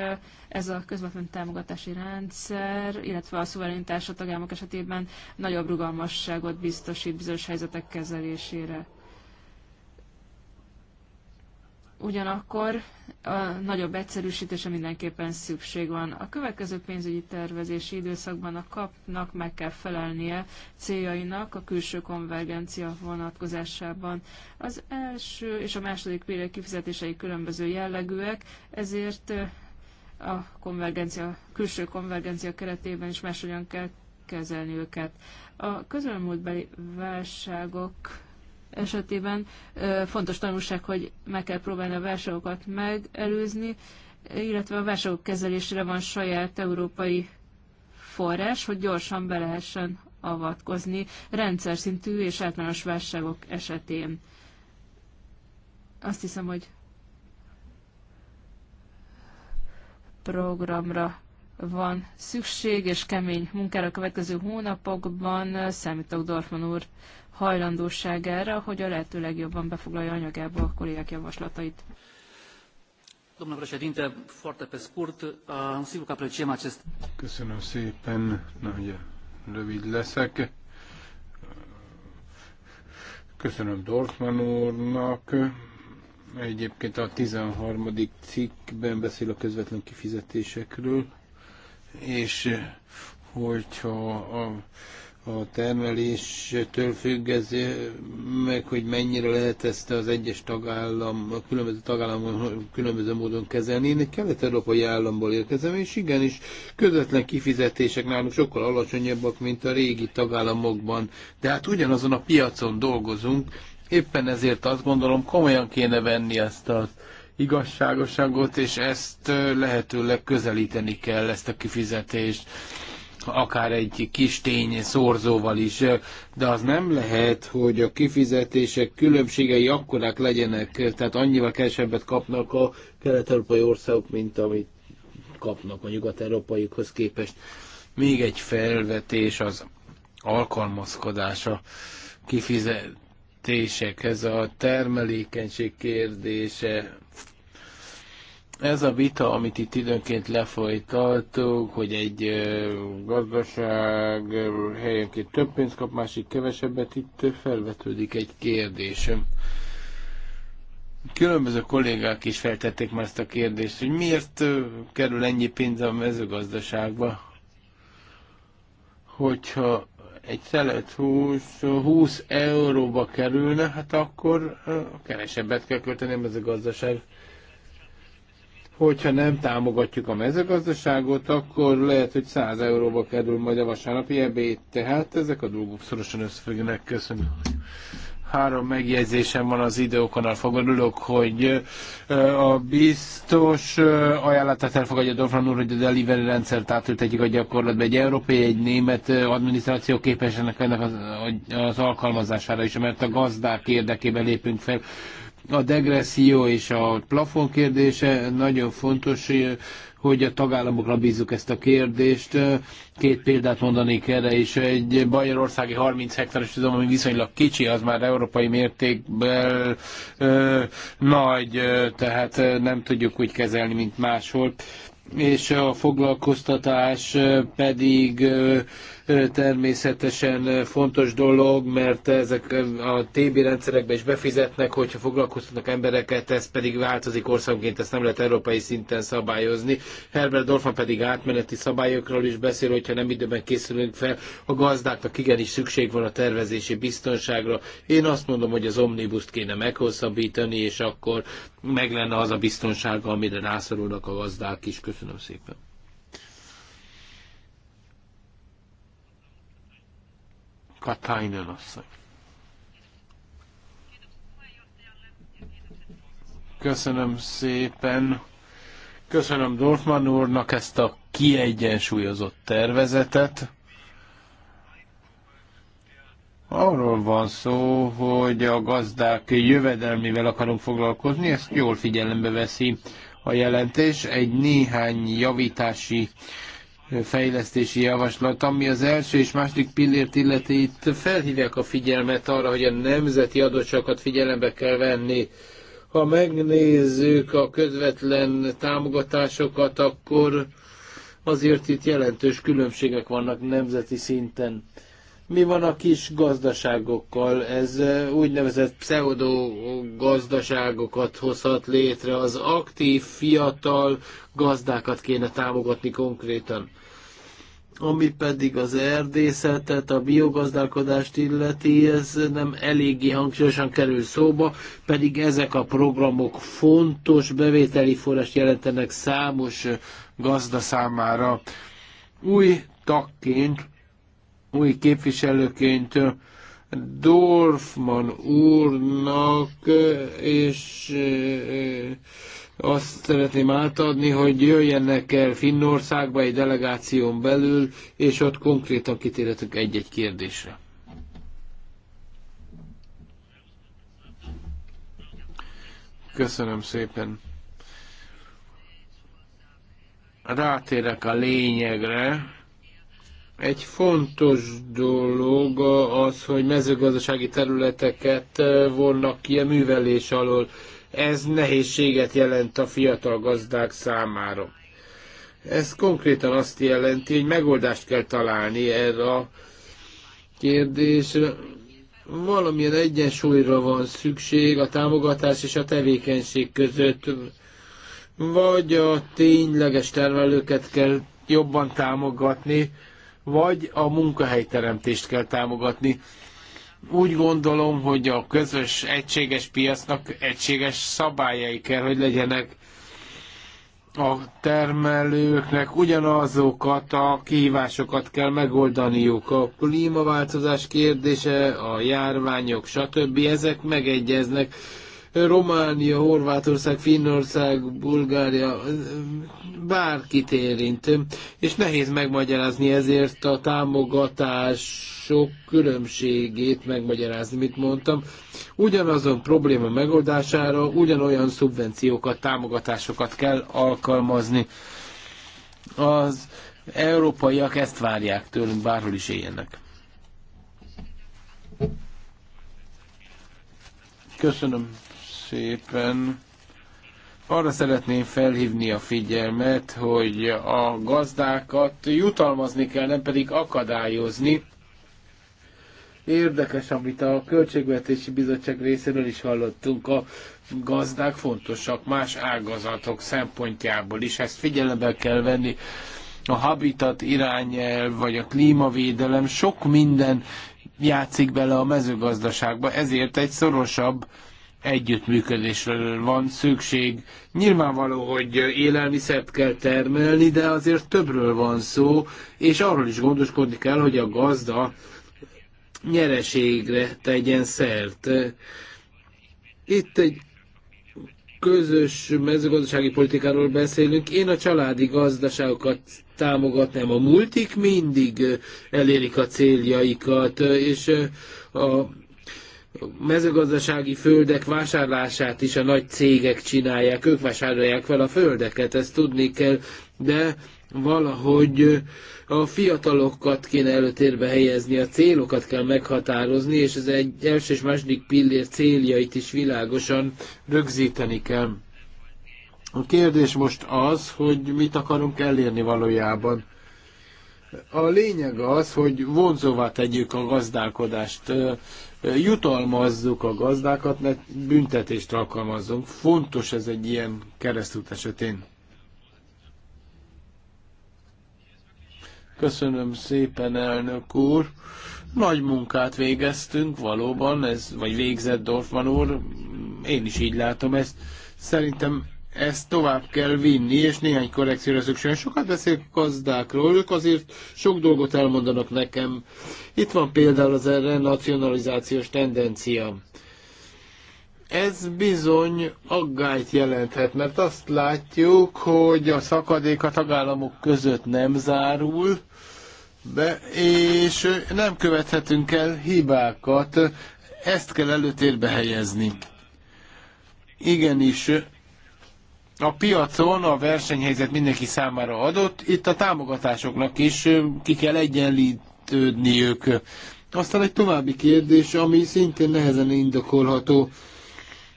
ez a közvetlen támogatási rendszer, illetve a szuverenitás a tagállamok esetében nagyobb rugalmasságot biztosít bizonyos helyzetek kezelésére. Ugyanakkor a nagyobb egyszerűsítése mindenképpen szükség van. A következő pénzügyi tervezési időszakban a kapnak meg kell felelnie céljainak a külső konvergencia vonatkozásában. Az első és a második pillér kifizetései különböző jellegűek, ezért a konvergencia, külső konvergencia keretében is máshogyan kell kezelni őket. A közelmúltbeli válságok esetében fontos tanulság, hogy meg kell próbálni a válságokat megelőzni, illetve a válságok kezelésére van saját európai forrás, hogy gyorsan be lehessen avatkozni rendszer szintű és általános válságok esetén. Azt hiszem, hogy programra van szükség, és kemény munkára a következő hónapokban számítok Dorfman úr hajlandóságára, hogy a lehető legjobban befoglalja anyagába a kollégák javaslatait. Domnule președinte, foarte pe scurt, sigur că apreciem acest... Köszönöm szépen, nagyon rövid leszek. Köszönöm Dortman úrnak. Egyébként a 13. cikkben beszél a közvetlen kifizetésekről, és hogyha a a termeléstől függ ez, meg hogy mennyire lehet ezt az egyes tagállam, a különböző tagállamon különböző módon kezelni. Én egy kelet-európai államból érkezem, és igenis közvetlen kifizetések nálunk sokkal alacsonyabbak, mint a régi tagállamokban. De hát ugyanazon a piacon dolgozunk, éppen ezért azt gondolom komolyan kéne venni ezt a igazságosságot, és ezt lehetőleg közelíteni kell, ezt a kifizetést akár egy kis tény szorzóval is, de az nem lehet, hogy a kifizetések különbségei akkorák legyenek, tehát annyival kevesebbet kapnak a kelet-európai országok, mint amit kapnak a nyugat-európaiakhoz képest. Még egy felvetés az alkalmazkodása kifizetésekhez, a termelékenység kérdése ez a vita, amit itt időnként lefolytattuk, hogy egy gazdaság helyenként több pénzt kap, másik kevesebbet, itt felvetődik egy kérdésem. Különböző kollégák is feltették már ezt a kérdést, hogy miért kerül ennyi pénz a mezőgazdaságba, hogyha egy szelet 20, 20 euróba kerülne, hát akkor kevesebbet kell költeni a mezőgazdaságba. gazdaság hogyha nem támogatjuk a mezőgazdaságot, akkor lehet, hogy 100 euróba kerül majd a vasárnapi ebéd. Tehát ezek a dolgok szorosan összefüggnek. Köszönöm. Három megjegyzésem van az időkonal fogva. Örülök, hogy a biztos ajánlatát elfogadja Dorfran úr, hogy a delivery rendszert átültetjük a gyakorlatba. Egy európai, egy német adminisztráció képes ennek az alkalmazására is, mert a gazdák érdekében lépünk fel a degresszió és a plafon kérdése nagyon fontos, hogy a tagállamokra bízzuk ezt a kérdést. Két példát mondanék erre, és egy bajorországi 30 hektáros tudom, ami viszonylag kicsi, az már európai mértékben ö, nagy, tehát nem tudjuk úgy kezelni, mint máshol. És a foglalkoztatás pedig ö, természetesen fontos dolog, mert ezek a TB rendszerekbe is befizetnek, hogyha foglalkoztatnak embereket, ez pedig változik országonként, ezt nem lehet európai szinten szabályozni. Herbert Dorfman pedig átmeneti szabályokról is beszél, hogyha nem időben készülünk fel, a gazdáknak igenis szükség van a tervezési biztonságra. Én azt mondom, hogy az omnibuszt kéne meghosszabbítani, és akkor meg lenne az a biztonsága, amire rászorulnak a gazdák is. Köszönöm szépen. Katainen asszony. Köszönöm szépen. Köszönöm Dorfman úrnak ezt a kiegyensúlyozott tervezetet. Arról van szó, hogy a gazdák jövedelmével akarunk foglalkozni, ezt jól figyelembe veszi a jelentés. Egy néhány javítási fejlesztési javaslat, ami az első és második pillért illeti, itt felhívják a figyelmet arra, hogy a nemzeti adottságokat figyelembe kell venni. Ha megnézzük a közvetlen támogatásokat, akkor azért itt jelentős különbségek vannak nemzeti szinten mi van a kis gazdaságokkal? Ez eh, úgynevezett pseudo gazdaságokat hozhat létre. Az aktív, fiatal gazdákat kéne támogatni konkrétan. Ami pedig az erdészetet, a biogazdálkodást illeti, ez nem eléggé hangsúlyosan kerül szóba, pedig ezek a programok fontos bevételi forrást jelentenek számos gazda számára. Új tagként új képviselőként Dorfman úrnak, és eh, azt szeretném átadni, hogy jöjjenek el Finnországba egy delegáción belül, és ott konkrétan kitérhetünk egy-egy kérdésre. Köszönöm szépen. Rátérek a lényegre egy fontos dolog az, hogy mezőgazdasági területeket vonnak ki a művelés alól. Ez nehézséget jelent a fiatal gazdák számára. Ez konkrétan azt jelenti, hogy megoldást kell találni erre a kérdésre. Valamilyen egyensúlyra van szükség a támogatás és a tevékenység között, vagy a tényleges termelőket kell jobban támogatni, vagy a munkahelyteremtést kell támogatni. Úgy gondolom, hogy a közös egységes piacnak egységes szabályai kell, hogy legyenek a termelőknek ugyanazokat a kihívásokat kell megoldaniuk. A klímaváltozás kérdése, a járványok, stb. ezek megegyeznek Románia, Horvátország, Finnország, Bulgária, bárkit érint. És nehéz megmagyarázni ezért a támogatások különbségét megmagyarázni, mit mondtam. Ugyanazon probléma megoldására ugyanolyan szubvenciókat, támogatásokat kell alkalmazni. Az európaiak ezt várják tőlünk, bárhol is éljenek. Köszönöm szépen. Arra szeretném felhívni a figyelmet, hogy a gazdákat jutalmazni kell, nem pedig akadályozni. Érdekes, amit a Költségvetési Bizottság részéről is hallottunk. A gazdák fontosak más ágazatok szempontjából is. Ezt figyelembe kell venni a habitat irányelv, vagy a klímavédelem, sok minden játszik bele a mezőgazdaságba, ezért egy szorosabb együttműködésről van szükség. Nyilvánvaló, hogy élelmiszert kell termelni, de azért többről van szó, és arról is gondoskodni kell, hogy a gazda nyereségre tegyen szert. Itt egy közös mezőgazdasági politikáról beszélünk. Én a családi gazdaságokat támogatnám. A multik mindig elérik a céljaikat, és a mezőgazdasági földek vásárlását is a nagy cégek csinálják, ők vásárolják fel a földeket, ezt tudni kell, de valahogy a fiatalokat kéne előtérbe helyezni, a célokat kell meghatározni, és ez egy első és második pillér céljait is világosan rögzíteni kell. A kérdés most az, hogy mit akarunk elérni valójában. A lényeg az, hogy vonzóvá tegyük a gazdálkodást jutalmazzuk a gazdákat, ne büntetést alkalmazzunk. Fontos ez egy ilyen keresztút esetén. Köszönöm szépen, elnök úr. Nagy munkát végeztünk, valóban, ez, vagy végzett Dorfman úr, én is így látom ezt. Szerintem ezt tovább kell vinni, és néhány korrekcióra szükség. Sokat beszélek gazdákról, ők azért sok dolgot elmondanak nekem. Itt van például az erre nacionalizációs tendencia. Ez bizony aggályt jelenthet, mert azt látjuk, hogy a szakadék a tagállamok között nem zárul, be, és nem követhetünk el hibákat, ezt kell előtérbe helyezni. Igenis, a piacon a versenyhelyzet mindenki számára adott, itt a támogatásoknak is ki kell egyenlítődniük. Aztán egy további kérdés, ami szintén nehezen indokolható.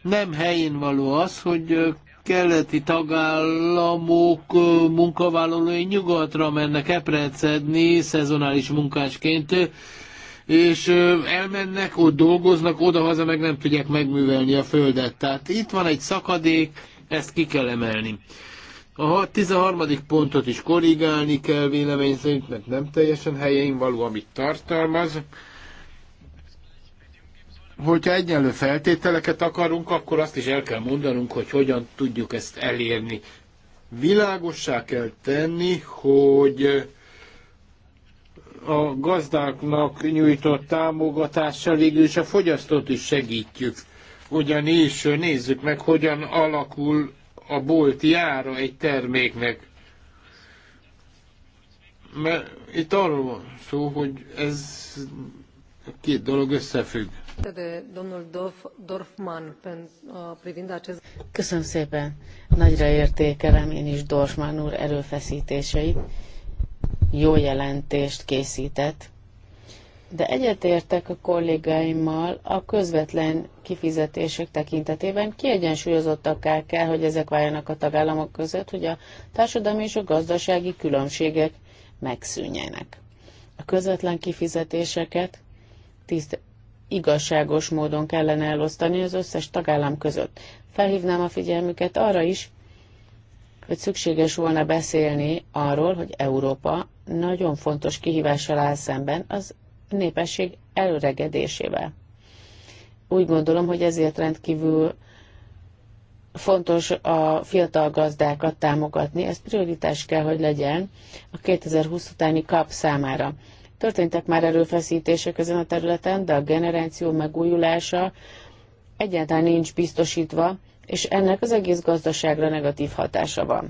Nem helyén való az, hogy keleti tagállamok munkavállalói nyugatra mennek eprecedni szezonális munkásként, és elmennek, ott dolgoznak, oda-haza meg nem tudják megművelni a földet. Tehát itt van egy szakadék, ezt ki kell emelni. A 13. pontot is korrigálni kell vélemény szerint, mert nem teljesen helyén való, amit tartalmaz. Hogyha egyenlő feltételeket akarunk, akkor azt is el kell mondanunk, hogy hogyan tudjuk ezt elérni. Világossá kell tenni, hogy a gazdáknak nyújtott támogatással végül is a fogyasztót is segítjük ugyanis nézzük meg, hogyan alakul a bolt jára egy terméknek. Mert itt arról van szó, hogy ez két dolog összefügg. Köszönöm szépen. Nagyra értékelem én is Dorfman úr erőfeszítéseit. Jó jelentést készített de egyetértek a kollégáimmal a közvetlen kifizetések tekintetében kiegyensúlyozottakká kell, hogy ezek váljanak a tagállamok között, hogy a társadalmi és a gazdasági különbségek megszűnjenek. A közvetlen kifizetéseket tiszt igazságos módon kellene elosztani az összes tagállam között. Felhívnám a figyelmüket arra is, hogy szükséges volna beszélni arról, hogy Európa nagyon fontos kihívással áll szemben az népesség előregedésével. Úgy gondolom, hogy ezért rendkívül fontos a fiatal gazdákat támogatni, ez prioritás kell, hogy legyen a 2020 utáni kap számára. Történtek már erőfeszítések ezen a területen, de a generáció megújulása egyáltalán nincs biztosítva, és ennek az egész gazdaságra negatív hatása van.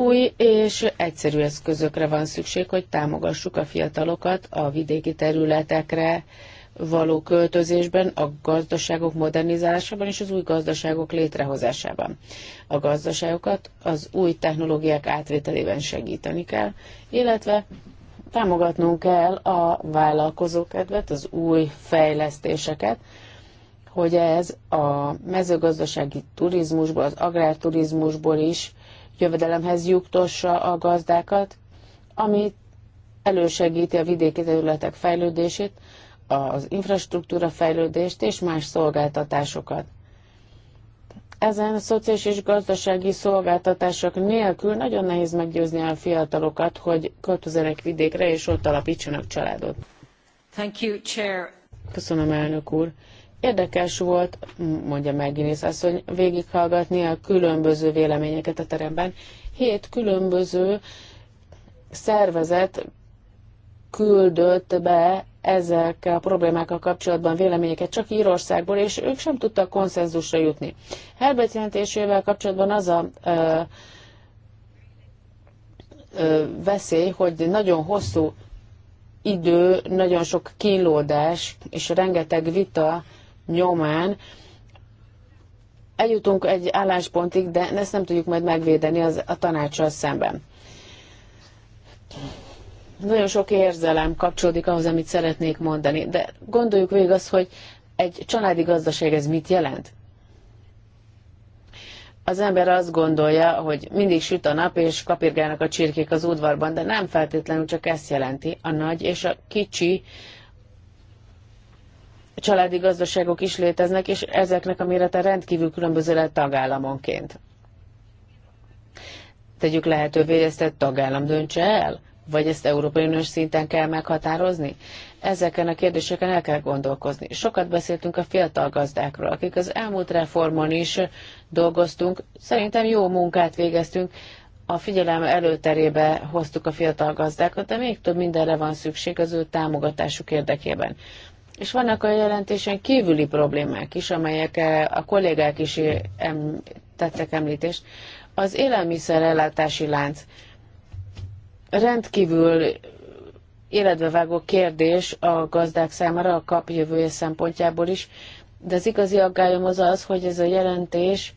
Új és egyszerű eszközökre van szükség, hogy támogassuk a fiatalokat a vidéki területekre való költözésben, a gazdaságok modernizálásában és az új gazdaságok létrehozásában. A gazdaságokat az új technológiák átvételében segíteni kell, illetve támogatnunk kell a vállalkozókedvet, az új fejlesztéseket, hogy ez a mezőgazdasági turizmusból, az agrárturizmusból is jövedelemhez juktassa a gazdákat, ami elősegíti a vidéki területek fejlődését, az infrastruktúra fejlődést és más szolgáltatásokat. Ezen a szociális és gazdasági szolgáltatások nélkül nagyon nehéz meggyőzni a fiatalokat, hogy költözenek vidékre és ott alapítsanak családot. Thank you, Chair. Köszönöm, elnök úr. Érdekes volt, mondja Megginész asszony, végighallgatni a különböző véleményeket a teremben. Hét különböző szervezet küldött be ezekkel a problémákkal kapcsolatban véleményeket csak Írországból, és ők sem tudtak konszenzusra jutni. Herbert jelentésével kapcsolatban az a ö, ö, veszély, hogy nagyon hosszú idő, nagyon sok kínlódás és rengeteg vita nyomán eljutunk egy álláspontig, de ezt nem tudjuk majd megvédeni az, a tanácssal szemben. Nagyon sok érzelem kapcsolódik ahhoz, amit szeretnék mondani, de gondoljuk végig azt, hogy egy családi gazdaság ez mit jelent? az ember azt gondolja, hogy mindig süt a nap, és kapirgálnak a csirkék az udvarban, de nem feltétlenül csak ezt jelenti. A nagy és a kicsi családi gazdaságok is léteznek, és ezeknek a mérete rendkívül különböző lehet tagállamonként. Tegyük lehetővé, hogy ezt egy tagállam döntse el? Vagy ezt Európai Uniós szinten kell meghatározni? Ezeken a kérdéseken el kell gondolkozni. Sokat beszéltünk a fiatal gazdákról, akik az elmúlt reformon is dolgoztunk. Szerintem jó munkát végeztünk, a figyelem előterébe hoztuk a fiatal gazdákat, de még több mindenre van szükség az ő támogatásuk érdekében. És vannak a jelentésen kívüli problémák is, amelyek a kollégák is eh, em, tettek említést. Az élelmiszerellátási lánc rendkívül életbevágó kérdés a gazdák számára, a kap jövője szempontjából is, de az igazi aggályom az az, hogy ez a jelentés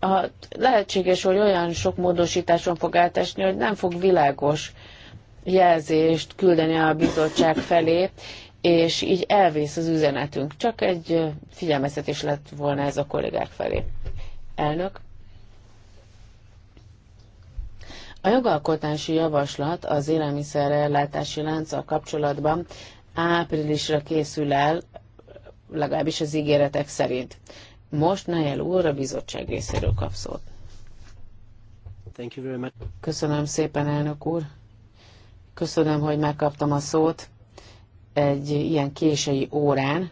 a lehetséges, hogy olyan sok módosításon fog átesni, hogy nem fog világos jelzést küldeni a bizottság felé, és így elvész az üzenetünk. Csak egy figyelmeztetés lett volna ez a kollégák felé. Elnök. A jogalkotási javaslat az élelmiszerellátási lánccal kapcsolatban áprilisra készül el, legalábbis az ígéretek szerint. Most Nayel úr a bizottság részéről kap szót. Köszönöm szépen, elnök úr. Köszönöm, hogy megkaptam a szót egy ilyen késői órán.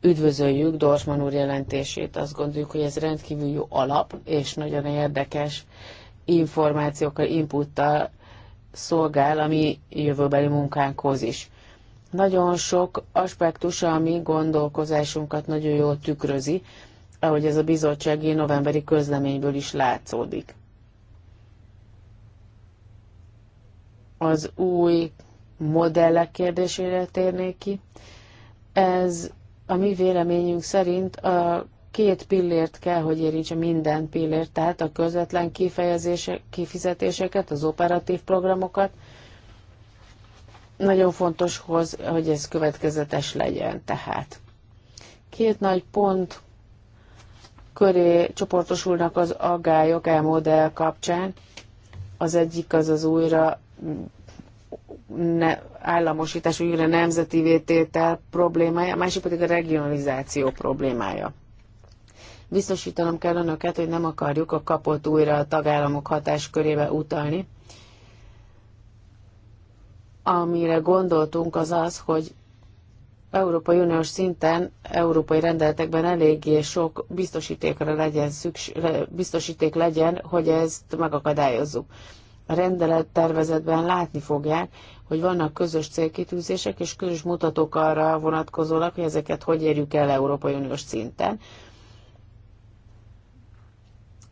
Üdvözöljük Dorsman úr jelentését, azt gondoljuk, hogy ez rendkívül jó alap, és nagyon érdekes információkkal, inputtal szolgál a mi jövőbeli munkánkhoz is. Nagyon sok aspektus, a mi gondolkozásunkat nagyon jól tükrözi, ahogy ez a bizottsági novemberi közleményből is látszódik. Az új modellek kérdésére térnék ki. Ez a mi véleményünk szerint a két pillért kell, hogy érintse minden pillért, tehát a közvetlen kifizetéseket, az operatív programokat. Nagyon fontos, hoz, hogy ez következetes legyen tehát. Két nagy pont köré csoportosulnak az aggályok elmodell kapcsán. Az egyik az az újra államosítás, vagy a nemzeti vététel problémája, a másik pedig a regionalizáció problémája. Biztosítanom kell önöket, hogy nem akarjuk a kapott újra a tagállamok hatáskörébe utalni. Amire gondoltunk az az, hogy Európai Uniós szinten, európai rendeletekben eléggé sok biztosítékra legyen szükség, biztosíték legyen, hogy ezt megakadályozzuk rendelettervezetben látni fogják, hogy vannak közös célkitűzések és közös mutatók arra vonatkozólag, hogy ezeket hogy érjük el Európai Uniós szinten.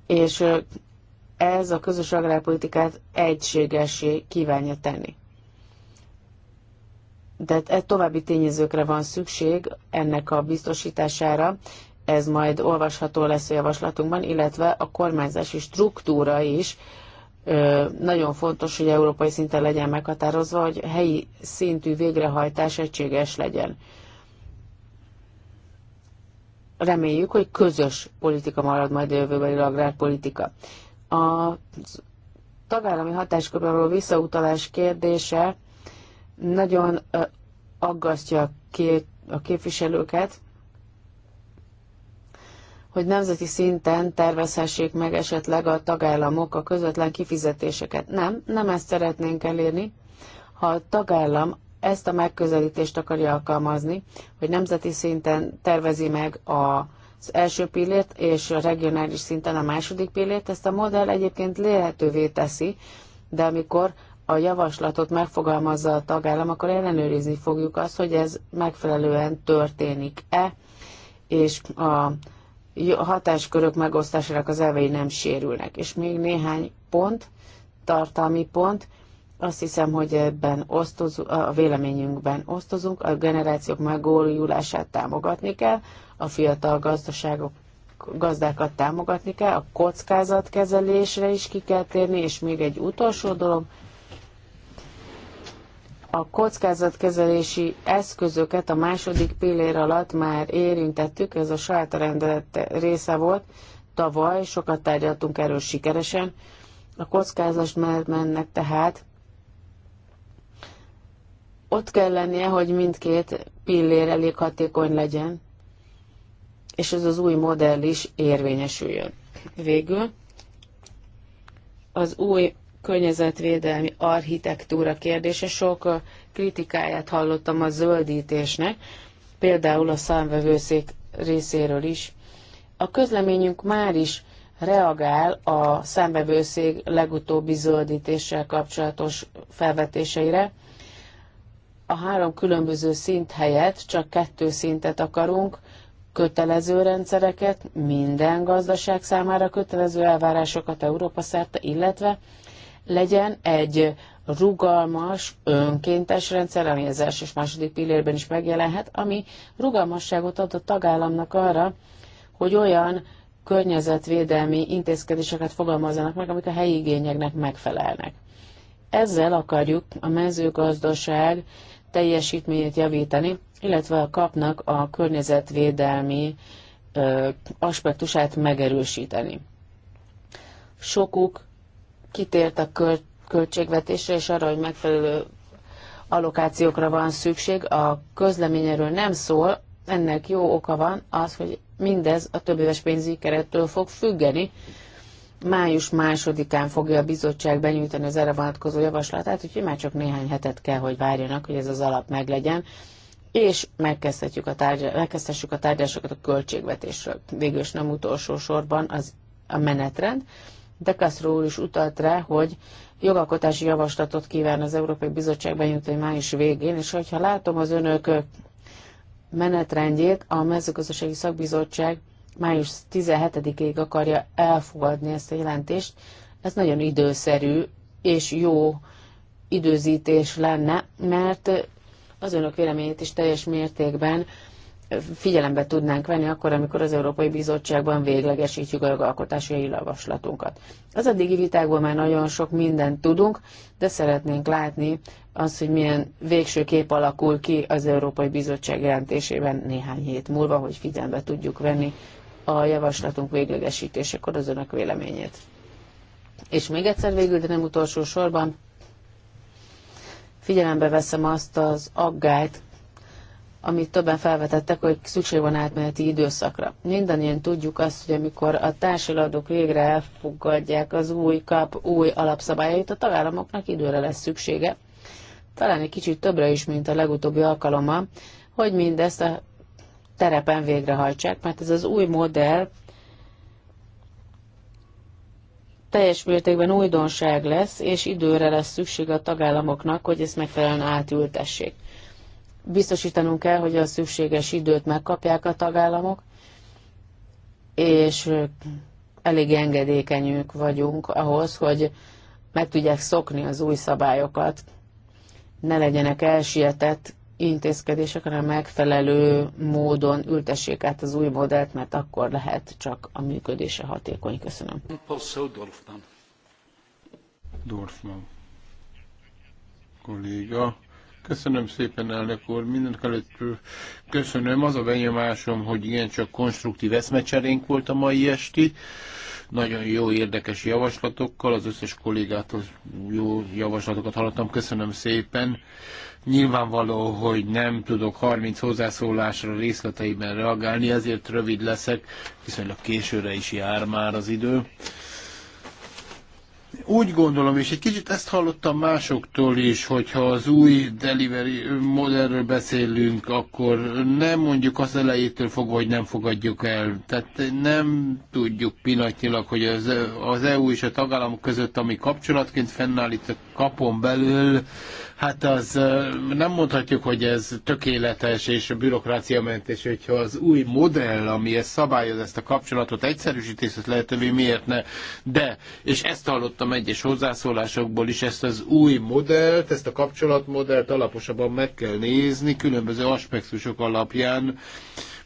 És ez a közös agrárpolitikát egységesé kívánja tenni. De e további tényezőkre van szükség ennek a biztosítására, ez majd olvasható lesz a javaslatunkban, illetve a kormányzási struktúra is nagyon fontos, hogy európai szinten legyen meghatározva, hogy helyi szintű végrehajtás egységes legyen. Reméljük, hogy közös politika marad majd a jövőbeli agrárpolitika. A tagállami hatáskörben visszautalás kérdése nagyon aggasztja a képviselőket, hogy nemzeti szinten tervezhessék meg esetleg a tagállamok a közvetlen kifizetéseket. Nem, nem ezt szeretnénk elérni. Ha a tagállam ezt a megközelítést akarja alkalmazni, hogy nemzeti szinten tervezi meg a az első pillért és a regionális szinten a második pillért, ezt a modell egyébként lehetővé teszi, de amikor a javaslatot megfogalmazza a tagállam, akkor ellenőrizni fogjuk azt, hogy ez megfelelően történik-e, és a hatáskörök megosztásának az elvei nem sérülnek. És még néhány pont, tartalmi pont, azt hiszem, hogy ebben osztozunk, a véleményünkben osztozunk, a generációk megújulását támogatni kell, a fiatal gazdaságok gazdákat támogatni kell, a kockázatkezelésre is ki kell térni, és még egy utolsó dolog, a kockázatkezelési eszközöket a második pillér alatt már érintettük, ez a saját rendelet része volt. Tavaly sokat tárgyaltunk erről sikeresen. A kockázat már mennek tehát. Ott kell lennie, hogy mindkét pillér elég hatékony legyen, és ez az új modell is érvényesüljön. Végül az új környezetvédelmi architektúra kérdése. Sok kritikáját hallottam a zöldítésnek, például a számvevőszék részéről is. A közleményünk már is reagál a számvevőszék legutóbbi zöldítéssel kapcsolatos felvetéseire. A három különböző szint helyett csak kettő szintet akarunk, kötelező rendszereket, minden gazdaság számára kötelező elvárásokat Európa szerte, illetve legyen egy rugalmas, önkéntes rendszer, ami az első és második pillérben is megjelenhet, ami rugalmasságot ad a tagállamnak arra, hogy olyan környezetvédelmi intézkedéseket fogalmazzanak meg, amik a helyi igényeknek megfelelnek. Ezzel akarjuk a mezőgazdaság teljesítményét javítani, illetve a kapnak a környezetvédelmi ö, aspektusát megerősíteni. Sokuk kitért a költ költségvetésre, és arra, hogy megfelelő allokációkra van szükség. A közlemény erről nem szól, ennek jó oka van az, hogy mindez a éves pénzügyi kerettől fog függeni. Május másodikán fogja a bizottság benyújtani az erre vonatkozó javaslatát, úgyhogy már csak néhány hetet kell, hogy várjanak, hogy ez az alap meglegyen, és megkezdhetjük a tárgy- megkezdhessük a tárgyalásokat a költségvetésről. Végül is nem utolsó sorban az a menetrend. Dekaszró úr is utalt rá, hogy jogalkotási javaslatot kíván az Európai Bizottság benyújtani május végén, és hogyha látom az önök menetrendjét, a mezőgazdasági szakbizottság május 17-ig akarja elfogadni ezt a jelentést. Ez nagyon időszerű és jó időzítés lenne, mert az önök véleményét is teljes mértékben figyelembe tudnánk venni akkor, amikor az Európai Bizottságban véglegesítjük a jogalkotási javaslatunkat. Az addigi vitákból már nagyon sok mindent tudunk, de szeretnénk látni az, hogy milyen végső kép alakul ki az Európai Bizottság jelentésében néhány hét múlva, hogy figyelembe tudjuk venni a javaslatunk véglegesítésekor az önök véleményét. És még egyszer végül, de nem utolsó sorban, figyelembe veszem azt az aggályt, amit többen felvetettek, hogy szükség van átmeneti időszakra. Mindannyian tudjuk azt, hogy amikor a társadalmak végre elfogadják az új kap, új alapszabályait, a tagállamoknak időre lesz szüksége, talán egy kicsit többre is, mint a legutóbbi alkalommal, hogy mindezt a terepen végrehajtsák, mert ez az új modell teljes mértékben újdonság lesz, és időre lesz szükség a tagállamoknak, hogy ezt megfelelően átültessék biztosítanunk kell, hogy a szükséges időt megkapják a tagállamok, és elég engedékenyünk vagyunk ahhoz, hogy meg tudják szokni az új szabályokat, ne legyenek elsietett intézkedések, hanem megfelelő módon ültessék át az új modellt, mert akkor lehet csak a működése hatékony. Köszönöm. Dorfman kolléga. Köszönöm szépen, elnök úr. Mindenek előtt köszönöm. Az a benyomásom, hogy csak konstruktív eszmecserénk volt a mai esti. Nagyon jó, érdekes javaslatokkal. Az összes kollégától jó javaslatokat hallottam. Köszönöm szépen. Nyilvánvaló, hogy nem tudok 30 hozzászólásra részleteiben reagálni, ezért rövid leszek, viszonylag későre is jár már az idő. Úgy gondolom, és egy kicsit ezt hallottam másoktól is, hogyha az új delivery modellről beszélünk, akkor nem mondjuk az elejétől fogva, hogy nem fogadjuk el. Tehát nem tudjuk pillanatnyilag, hogy az, az EU és a tagállamok között, ami kapcsolatként fennáll itt a kapon belül, Hát az nem mondhatjuk, hogy ez tökéletes és bürokráciamentes, hogyha az új modell, ami ezt szabályoz, ezt a kapcsolatot egyszerűsítését lehetővé, miért ne? De, és ezt hallottam egyes hozzászólásokból is, ezt az új modellt, ezt a kapcsolatmodellt alaposabban meg kell nézni, különböző aspektusok alapján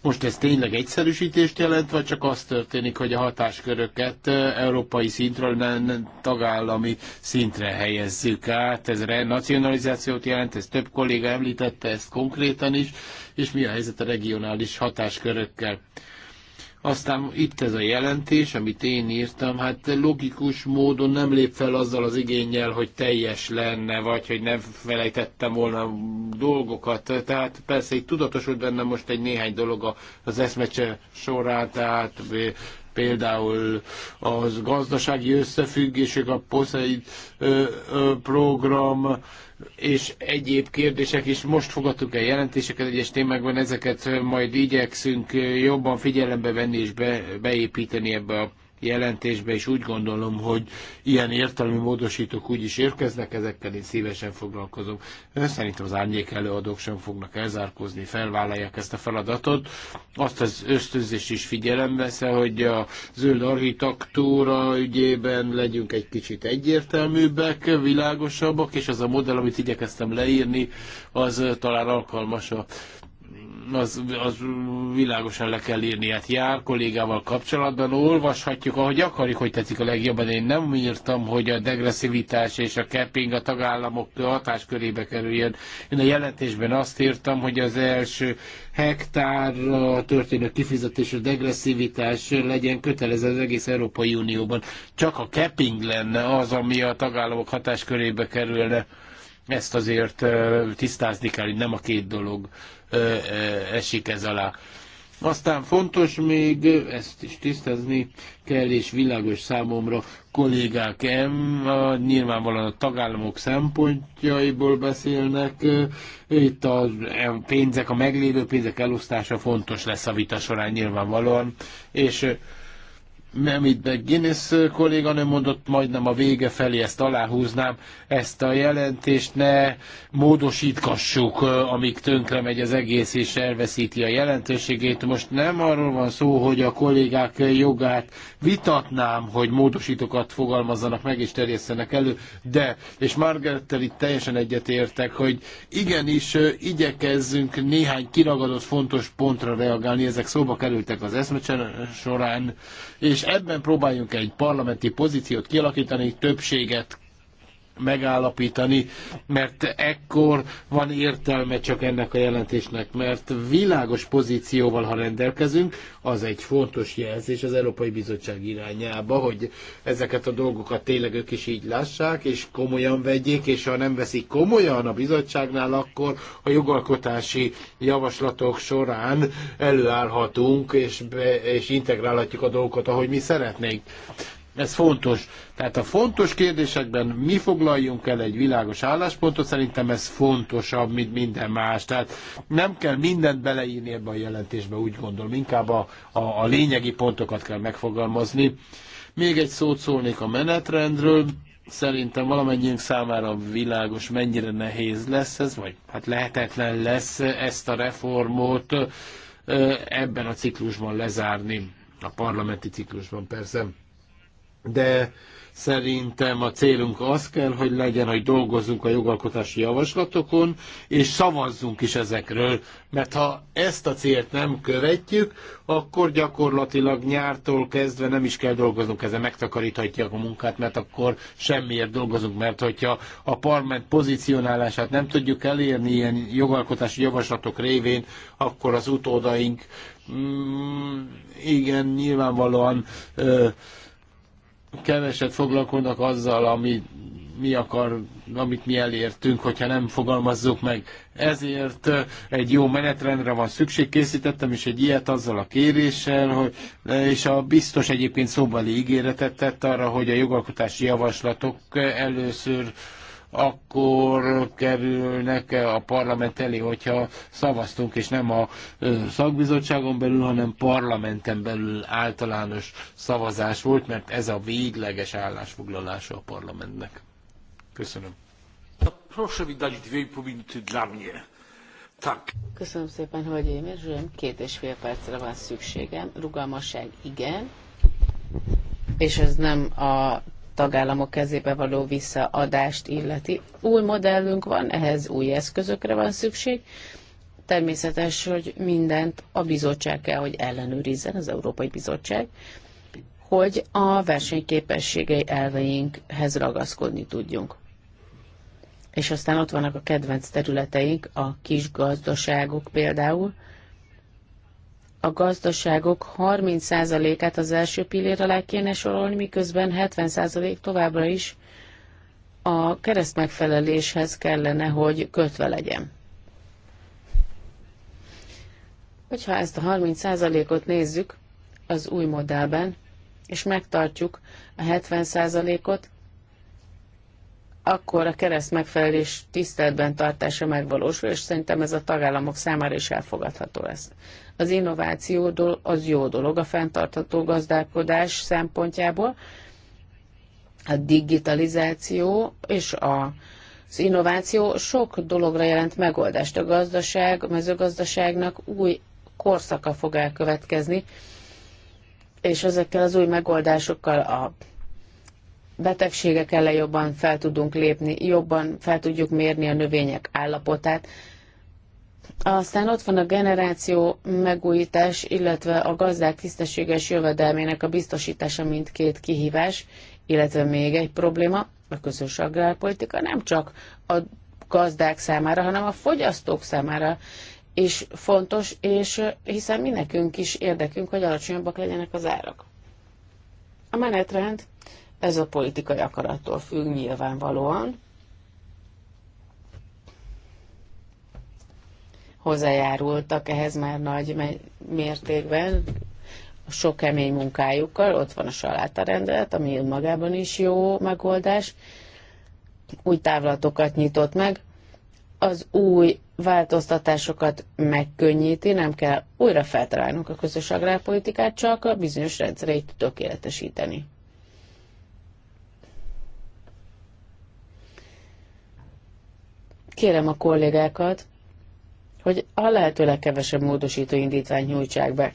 most ez tényleg egyszerűsítést jelent, vagy csak az történik, hogy a hatásköröket európai szintről, nem tagállami szintre helyezzük át? Ez renacionalizációt jelent, ez több kolléga említette ezt konkrétan is, és mi a helyzet a regionális hatáskörökkel? Aztán itt ez a jelentés, amit én írtam, hát logikus módon nem lép fel azzal az igényel, hogy teljes lenne, vagy hogy nem felejtettem volna dolgokat. Tehát persze itt tudatosult benne most egy néhány dolog az eszmecse során, tehát például az gazdasági összefüggések, a POSZEI program, és egyéb kérdések is. Most fogadtuk el jelentéseket egyes témákban, ezeket majd igyekszünk jobban figyelembe venni és be, beépíteni ebbe a jelentésbe, és úgy gondolom, hogy ilyen értelmi módosítók úgy is érkeznek, ezekkel én szívesen foglalkozom. Szerintem az árnyék előadók sem fognak elzárkózni, felvállalják ezt a feladatot. Azt az ösztönzést is figyelembe veszel, hogy a zöld architektúra ügyében legyünk egy kicsit egyértelműbbek, világosabbak, és az a modell, amit igyekeztem leírni, az talán alkalmas a az, az világosan le kell írni. Hát jár kollégával kapcsolatban olvashatjuk, ahogy akarjuk, hogy tetszik a legjobban. Én nem írtam, hogy a degresszivitás és a capping a tagállamok hatáskörébe kerüljön. Én a jelentésben azt írtam, hogy az első hektár történő kifizetés, a degresszivitás legyen kötelező az egész Európai Unióban. Csak a capping lenne az, ami a tagállamok hatáskörébe kerülne. Ezt azért tisztázni kell, hogy nem a két dolog esik ez alá. Aztán fontos még, ezt is tisztázni kell, és világos számomra kollégák em, nyilvánvalóan a tagállamok szempontjaiból beszélnek. Itt a pénzek, a meglévő pénzek elosztása fontos lesz a vita során nyilvánvalóan, és nem itt meg Guinness kolléganő mondott, majdnem a vége felé ezt aláhúznám, ezt a jelentést ne módosítkassuk, amíg tönkre megy az egész és elveszíti a jelentőségét. Most nem arról van szó, hogy a kollégák jogát vitatnám, hogy módosítókat fogalmazzanak meg és terjesztenek elő, de, és Margarettel itt teljesen egyetértek, hogy igenis igyekezzünk néhány kiragadott fontos pontra reagálni, ezek szóba kerültek az eszmecsen során, és ebben próbáljunk egy parlamenti pozíciót kialaktani többséget megállapítani, mert ekkor van értelme csak ennek a jelentésnek, mert világos pozícióval, ha rendelkezünk, az egy fontos jelzés az Európai Bizottság irányába, hogy ezeket a dolgokat tényleg ők is így lássák, és komolyan vegyék, és ha nem veszik komolyan a bizottságnál, akkor a jogalkotási javaslatok során előállhatunk, és, be, és integrálhatjuk a dolgokat, ahogy mi szeretnénk. Ez fontos. Tehát a fontos kérdésekben mi foglaljunk el egy világos álláspontot, szerintem ez fontosabb, mint minden más. Tehát nem kell mindent beleírni ebbe a jelentésbe, úgy gondolom. Inkább a, a, a lényegi pontokat kell megfogalmazni. Még egy szót szólnék a menetrendről. Szerintem valamennyiünk számára világos, mennyire nehéz lesz ez, vagy hát lehetetlen lesz ezt a reformot ebben a ciklusban lezárni, a parlamenti ciklusban persze de szerintem a célunk az kell, hogy legyen, hogy dolgozzunk a jogalkotási javaslatokon, és szavazzunk is ezekről, mert ha ezt a célt nem követjük, akkor gyakorlatilag nyártól kezdve nem is kell dolgoznunk ezzel, megtakaríthatják a munkát, mert akkor semmiért dolgozunk, mert hogyha a parlament pozícionálását nem tudjuk elérni ilyen jogalkotási javaslatok révén, akkor az utódaink mm, igen, nyilvánvalóan ö, keveset foglalkoznak azzal, ami mi akar, amit mi elértünk, hogyha nem fogalmazzuk meg. Ezért egy jó menetrendre van szükség, készítettem is egy ilyet azzal a kéréssel, hogy, és a biztos egyébként szóbali ígéretet tett arra, hogy a jogalkotási javaslatok először akkor kerülnek a parlament elé, hogyha szavaztunk, és nem a szakbizottságon belül, hanem parlamenten belül általános szavazás volt, mert ez a végleges állásfoglalása a parlamentnek. Köszönöm. Proszę mi dać dwie minuty dla mnie. Tak. Köszönöm szépen, hogy én uraim. Két és fél percre van szükségem. Rugalmasság igen, és ez nem a tagállamok kezébe való visszaadást illeti. Új modellünk van, ehhez új eszközökre van szükség. Természetes, hogy mindent a bizottság kell, hogy ellenőrizzen, az Európai Bizottság, hogy a versenyképességei elveinkhez ragaszkodni tudjunk. És aztán ott vannak a kedvenc területeink, a kis gazdaságok például, a gazdaságok 30%-át az első pillér alá kéne sorolni, miközben 70% továbbra is a keresztmegfeleléshez kellene, hogy kötve legyen. Hogyha ezt a 30%-ot nézzük az új modellben, és megtartjuk a 70%-ot, akkor a kereszt megfelelés tiszteletben tartása megvalósul, és szerintem ez a tagállamok számára is elfogadható lesz. Az innováció az jó dolog a fenntartható gazdálkodás szempontjából. A digitalizáció és a az innováció sok dologra jelent megoldást. A gazdaság, a mezőgazdaságnak új korszaka fog elkövetkezni, és ezekkel az új megoldásokkal a betegségek ellen jobban fel tudunk lépni, jobban fel tudjuk mérni a növények állapotát, aztán ott van a generáció megújítás, illetve a gazdák tisztességes jövedelmének a biztosítása mindkét kihívás, illetve még egy probléma, a közös agrárpolitika nem csak a gazdák számára, hanem a fogyasztók számára is fontos, és hiszen mi nekünk is érdekünk, hogy alacsonyabbak legyenek az árak. A menetrend ez a politikai akarattól függ nyilvánvalóan, hozzájárultak ehhez már nagy mértékben, sok kemény munkájukkal, ott van a salátarendelet, ami önmagában is jó megoldás, új távlatokat nyitott meg, az új változtatásokat megkönnyíti, nem kell újra feltalálnunk a közös agrárpolitikát, csak a bizonyos rendszereit tökéletesíteni. Kérem a kollégákat, hogy a lehető legkevesebb módosító indítvány nyújtsák be.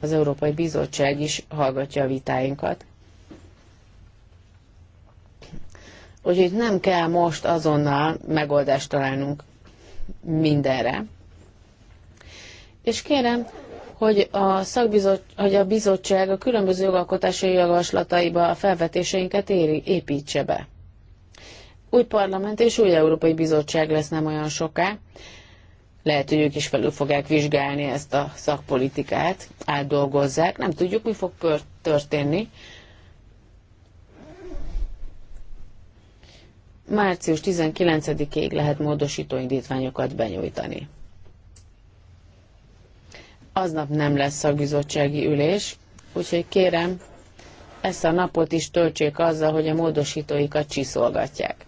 Az Európai Bizottság is hallgatja a vitáinkat. Úgyhogy nem kell most azonnal megoldást találnunk mindenre. És kérem, hogy a, szakbizot, hogy a bizottság a különböző jogalkotási javaslataiba a felvetéseinket éri, építse be. Új parlament és új Európai Bizottság lesz nem olyan soká, lehet, hogy ők is felül fogják vizsgálni ezt a szakpolitikát, átdolgozzák. Nem tudjuk, mi fog történni. Március 19-ig lehet módosító indítványokat benyújtani. Aznap nem lesz szakbizottsági ülés, úgyhogy kérem, ezt a napot is töltsék azzal, hogy a módosítóikat csiszolgatják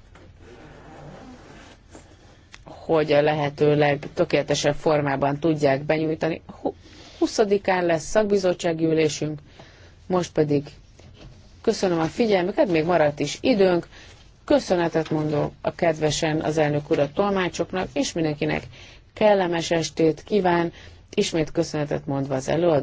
hogy a lehetőleg tökéletesebb formában tudják benyújtani. 20-án lesz szakbizottsági ülésünk, most pedig köszönöm a figyelmüket, még maradt is időnk. Köszönetet mondok a kedvesen az elnök urat tolmácsoknak, és mindenkinek kellemes estét kíván, ismét köszönetet mondva az előadó.